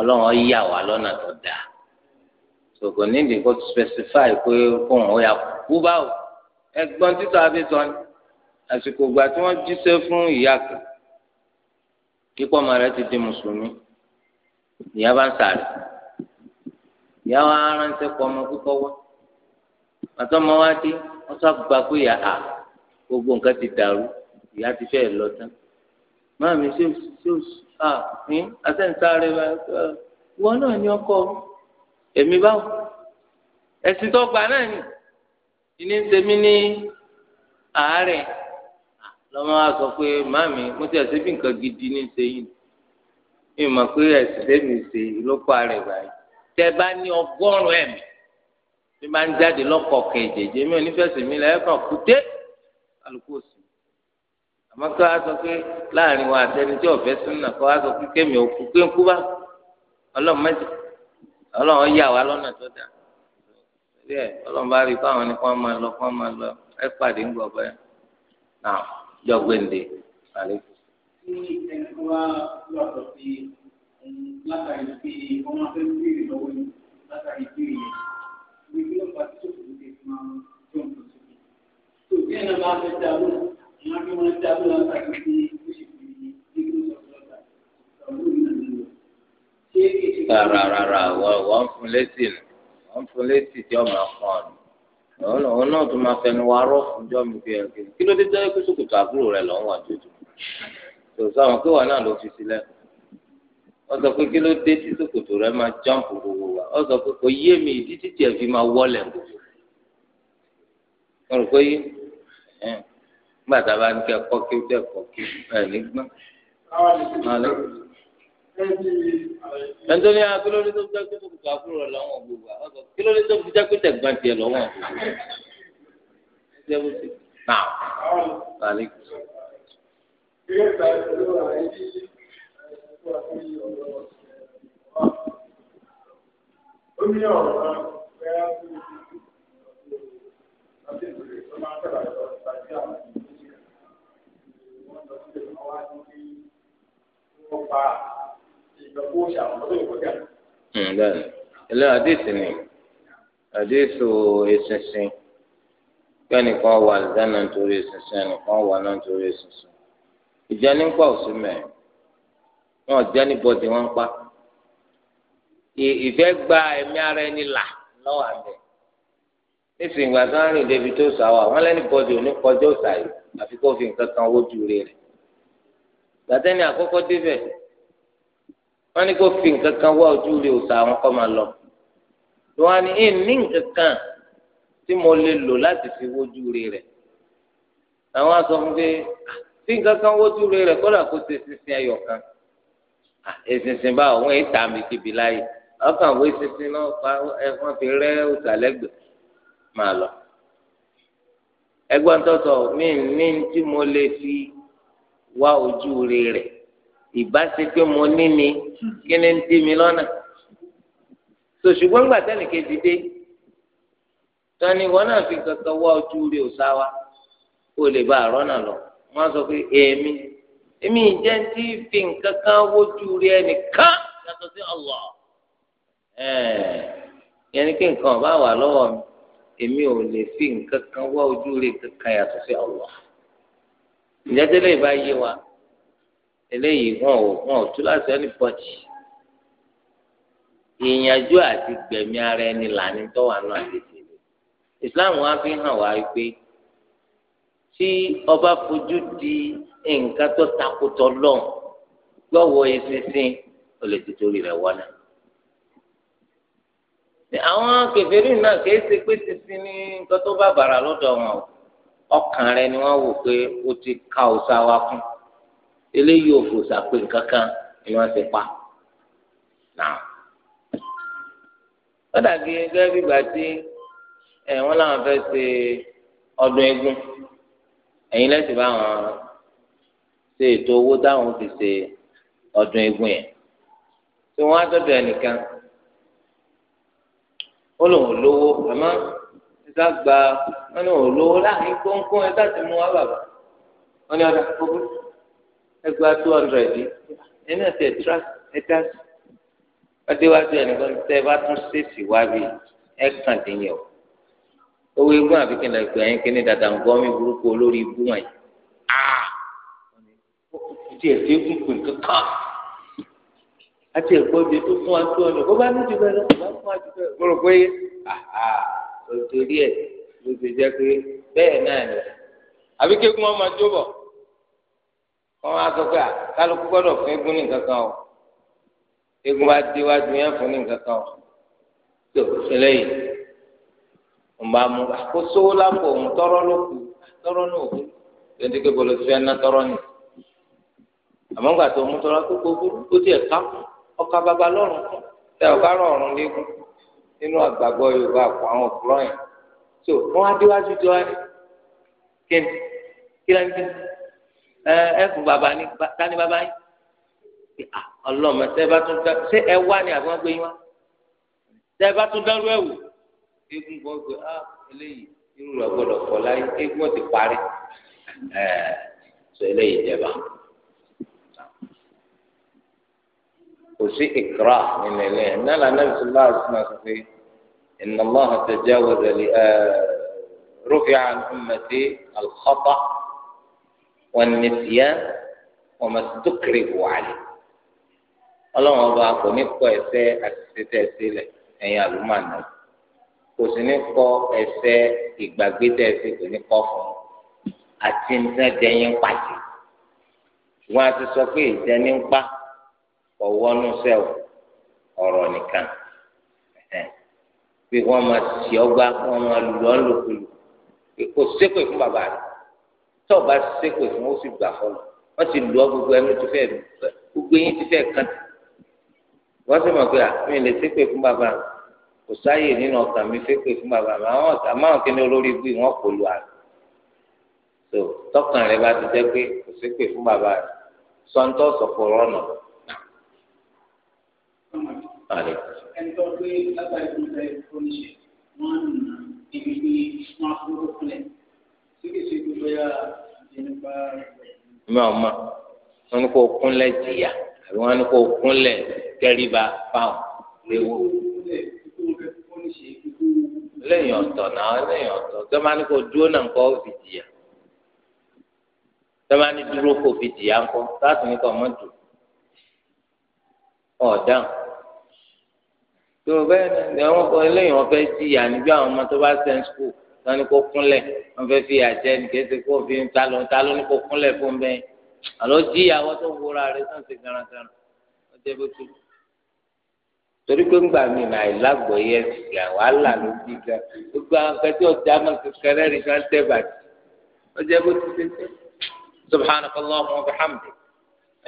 ọlọ́run yà wá lọ́nà tó dáa sòkò nídìí kó specify pé fóun ó yà kú báwo ẹ̀gbọ́n títọ́ abẹ́tọ́ ni àsìkò ìgbà tí wọ́n jíṣẹ́ fún ìyá kan kíkọ́ ọmọ rẹ̀ ti di mùsùlùmí ìyá bá ń sàrẹ̀ ìyá wa ránṣẹ́ pọ̀ ọmọ kíkọ́ wá màtọ́ ma wá dé wọ́n sọ gba pé yà á gbogbo nǹkan ti dàrú ìyá ti fẹ́ lọ tán máa mi ṣe ṣe à ní asẹ́ǹtàrẹ́ wọn náà ní ọkọ èmi báwo ẹ̀sìn tó gbà náà ni ìní ń ṣe mí ní àárẹ̀ lọ́mọ wa sọ pé màmí mo ti ẹ̀sìn bí nǹkan gidi ní ṣe yìí mi mọ̀ pé ẹ̀sìn tẹ́mi ṣe ìlókọ̀ rẹ̀ báyìí tẹ́ bá ní ọgọ́rùn-ún ẹ̀mí bí máa ń jáde lọ́kọ̀ọ̀kan ìjèjì mi ò ní fẹ̀sìn mi lẹ́ẹ̀kan kúté kálukú òsì àmọ́ kí wàá sọ pé láàrin wa àtẹni tí ọ̀fẹ́ súnà kọ́ wàá sọ pé kémi òkú pé ń kú bá ọlọ́run mẹ́jọ ọlọ́run yà wá lọ́nà tó dà bẹ́ẹ̀ ọlọ́run bá rí i fáwọn ni kọ́ máa lọ kọ́ máa lọ ẹ pàdé ń gbọ̀bẹ́ náà jọ gbẹ̀ǹde àlẹ́. tí ẹni tó wá um, lọ́dọ̀ ìgbé ọ̀pá tí kò ní lè máa ń tó nǹkan tó kù. tó bí ẹ̀nà bá fẹ́ dáwó ìyá bí wọ́n dáwó láta tó fi ó sì fi ní fún létí nù wọ́n fún létí tí ọmọ kan ọ̀nà òun náà tún máa fẹnu wa rọ fúnjọ mi bí ẹgbẹ́ kí ló dé jẹ kó sòkòtò àbúrò rẹ lọ wà jòjò tòun sáwọn pé wà náà ló fi sílẹ̀ wọ́n sọ pé kí ló dé tí sòkòtò rẹ máa jọ́ǹpù gbogbo wa wọ́n sọ pé kò yé mi ìdí títí ẹ̀ fi máa wọ́lẹ̀ gbogbo wọ́n rò pé nígbà tá a bá ní kí ẹ kọ́ kí ó kọ́ kí ẹ nígbà. ẹnitọ́ni ah, kí ló dé tó fi jẹ́ pé sòkòtò àbúrò lọ́wọ́n gbogbo wa wọ́n kí ló dé tó fi jẹ́ pé tẹ̀gbọ́n tiẹ̀ lọ́wọ́n gbogbo wa ó ní ọ̀rọ̀ náà bẹ́ẹ̀ á tún àti ìbèrè tó máa ń tẹ̀lé àjọ ilé àdéhùn ni àdéhùn ìsinsin kẹ́nìkan wà lẹ́nà nítorí ìsinsin ẹnìkan wà náà nítorí ìsinsin ìjẹ́ nípa òsínmẹ́rin wọn jẹ́ níbọ̀dì wọn pa ìfẹ́ gba ẹ̀mí ara ẹni là lọ́wọ́ àbẹ̀ nísìnyí gbà tó ń rìn débi tó sà wà wọn lẹ́ni bọ́dì òní kọjá òsà yìí àfi kó fi nǹkan kan wójú rẹ̀ gbàtẹ́ni àkọ́kọ́ débẹ̀ wọn ní kó fi nǹkan kan wá ojú rẹ̀ òsà àwọn kọ́ máa lọ wọn ní ní nǹkan kan tí mo lè lò láti fi wójú rẹ̀ àwọn aṣọ fún pé ah, fi nǹkan kan wójú rẹ̀ kọ́dà kó ṣe ṣinṣin ẹyọ kan èsìsìn bá òun èyí tà mí kíbi láyé ọkàn wo èsìsìn náà pa ẹ̀fọn fi rẹ́ òsàlẹ́gbẹ̀ máa lọ. ẹgbọ́n tọ́tọ̀ mi ní tí mo lè fi wá ojú rẹ̀ ìbáṣe pé mo ní ni kí ni ń dí mi lọ́nà. sòṣùgbọ́n gbà tẹ́nìkejì dé tani wọn náà fi kankan wá ojú rẹ̀ òsà wa kó lè bá àrọ́ náà lọ wọ́n sọ pé èmi. E èmi ìjẹ́ ń tí fi nǹkan kan wojú rí ẹnìkan yàtọ̀ sí Allah yẹn ni kí nǹkan bá wà lọ́wọ́ mi èmi ò lè fi nǹkan kan wá ojú rí kankan yàtọ̀ sí Allah ìjẹ́ tẹ́lẹ̀ ìbá yé wa eléyìí wọn ò wọn ò tú láti ẹni pọ́jì ìyànjú àti gbẹ̀mí ara ẹni làní tọ́wọ́ àánú àdéhùn Islam wa fi hàn wá pé tí ọba fojú di nǹkan tó takotọ lọ́n gbọ́wọ́ eṣinṣin o lè ti torí rẹ̀ wọ́n náà. àwọn kèfèrí náà kìí ṣe pé ṣinṣin ní nǹkan tó bá bàrà lọ́dọ̀ wọn o ọkàn rẹ ni wọ́n wò pé ó ti ka òòṣà wa kún eléyìí ò fòṣà pé nǹkan kan ni wọ́n ti pa. ó dàbí gẹ́gẹ́ bí ìgbà tí wọ́n láwọn fẹ́ ṣe ọdún eégún ẹ̀yin lẹ́sìn bá wọn ṣe ètò owó táwọn fi ṣe ọdún eégún yẹn tí wọn á dọdọ ẹnìkan ó lòun lówó àmọ́ ìta gba wọn ní òun lówó láàrin kónkón ẹ láti mú wá bàbá wọn ní ọdọ àkókò ẹgbàá two hundred ẹni àti ẹtúrà ẹtúrà ọdẹwájú ẹnìkan tẹ ẹ bá tún ṣèṣì wá bí ẹ kàn dín yẹn o owó eégún àbíkínlẹ ìgbà yẹn kí ni dàdà ń gbọ́ mi burúkú olórí ibú wọn yìí. Ah! tiẹ̀ tí ó kún pè kankan àti ẹ̀kọ́ ibi tó fún wa tó ọ̀nà bó bá ní jù bẹ́ẹ̀ lọ́wọ́ bá fún wa jù bẹ́ẹ̀ lọ́wọ́ pé àhà òtòrí ẹ̀ ló ti jẹ́ pé bẹ́ẹ̀ náà ni àbí kékun wọn máa jóbọ̀ wọn máa sọ pé kálukú gbọ́dọ̀ fún eégún ní nǹkan kan o eégún bá déwájú yẹn fún ní nǹkan kan o tó ṣẹlẹ̀ yìí wọn bá mú àkóso lápò òun tọrọ ló tọrọ náà kù lóńtí kébọlọ fẹ́ ná tọrọ nìyí àmọ́ ńgbà tó mú tọ́lá tó gbogbo ó tiẹ̀ ká ọkà bàbá lọ́rùn tẹ ọ̀ká rọrùn léegun nínú àgbàgbọ́ yorùbá àpò àwọn òkúrọ̀ yẹn tó wọ́n á déwájú tó wáyé kéde kíláńkì ẹ ẹ fún bàbá ní tani bàbá yín ọlọ́mọ tẹ bá tún dá ṣé ẹ wá ní àbí gbé yín wá tẹ bá tún dárú ẹ̀ eégún bọ́ gbé ah eléyìí irú rẹ̀ gbọ́dọ̀ fọ́ láyé eégún ti parí ẹ̀ ṣe eléyìí jẹba. kò sí ìkra nínú ilé ẹ̀ náà lànà bisimilá àtúnà sọ pé ìnà allah tajawaza li ẹ eh, rufi an ummati alkhata wan nisyan wa mastukrihu alayh ọlọ́run ọba kò ní kọ ẹsẹ̀ àtìsẹ́ tẹ̀ sílẹ̀ ẹ̀yin àlùmọ́ọ̀nà kò sì ní kọ ẹsẹ̀ ìgbàgbé tẹ̀ kò ní kọ fún àti ntẹ́jẹyìn pàtì wọn ti sọ pé ìjẹni ń pa ọwọ́nú sẹ́wọ̀ ọ̀rọ̀ nìkan bí wọ́n máa tì ọ́ gbá wọ́n máa lù ọ́ lòkulù kò ṣépè fún bàbá rẹ̀ tó o bá ṣépè fún ó sì gbà fọlọ́ wọ́n ti lù ọ́ gbogbo ẹnu tó fẹ́ gbogbo eyín tó fẹ́ kàn wọ́n sì mọ̀ pé àmì lè ṣépè fún bàbá rẹ̀ kò sáyè nínú ọkàn mi ṣépè fún bàbá rẹ̀ àwọn ọ̀tá máwọn kí ni olórí bí wọ́n kò lu àrùn tó tọkàn rẹ̀ bá ti jẹ́ pé kò ṣépè fún bàbá rẹ̀ sọ́ńtọ́ sọ̀kò rọ̀nà Àlẹ́. Ẹni tó gbé lágbàá ìpínlẹ̀ oníṣẹ́ wọn nà ibi pé wọn fúnra fúnlẹ̀ síkèsí gbogbo ya ìjẹnipa. Mi ò mọ̀, wọ́n ní kó kúnlẹ̀ jìyà àbí wọ́n ní kó kúnlẹ̀ tẹríba fáwọn léwu. Lẹ́yìn ọ̀tọ̀ náà lẹ́yìn ọ̀tọ̀ tó máa ní kó dúró náà kọ́ fi jìyà. Tó máa ní dúró kó fi jìyà ńkọ́ láti ní kọ́ mọ́tò. Ọ̀dáhùn tó o bẹ́ẹ̀ ni àwọn kan eléyìí wọ́n fẹ́ jí àníjọ́ àwọn ọmọ tó bá sẹ́ń skul wọn ni kó kúnlẹ̀ wọ́n fẹ́ fi àjẹ nìkan ṣe kó fi ta ló ń ta ló ní kó kúnlẹ̀ fún bẹ́ẹ̀ àlọ́ jí ìyàwó tó wúra rẹ̀ sàn ti garagara wọ́n jẹ́ bó ti torí pé ńgbà mí nà ìlàgbọ̀ yẹ ìgbà wàhálà ló bí ga gbogbo àwọn akẹ́tí ọ̀dà máa kékeré rí ká tẹ́ bàtì wọ́n jẹ́ bó ti tẹ́ tẹ́ subhanakallahumma wa bihamdik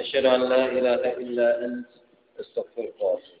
ashhadu an la ilaha illa anta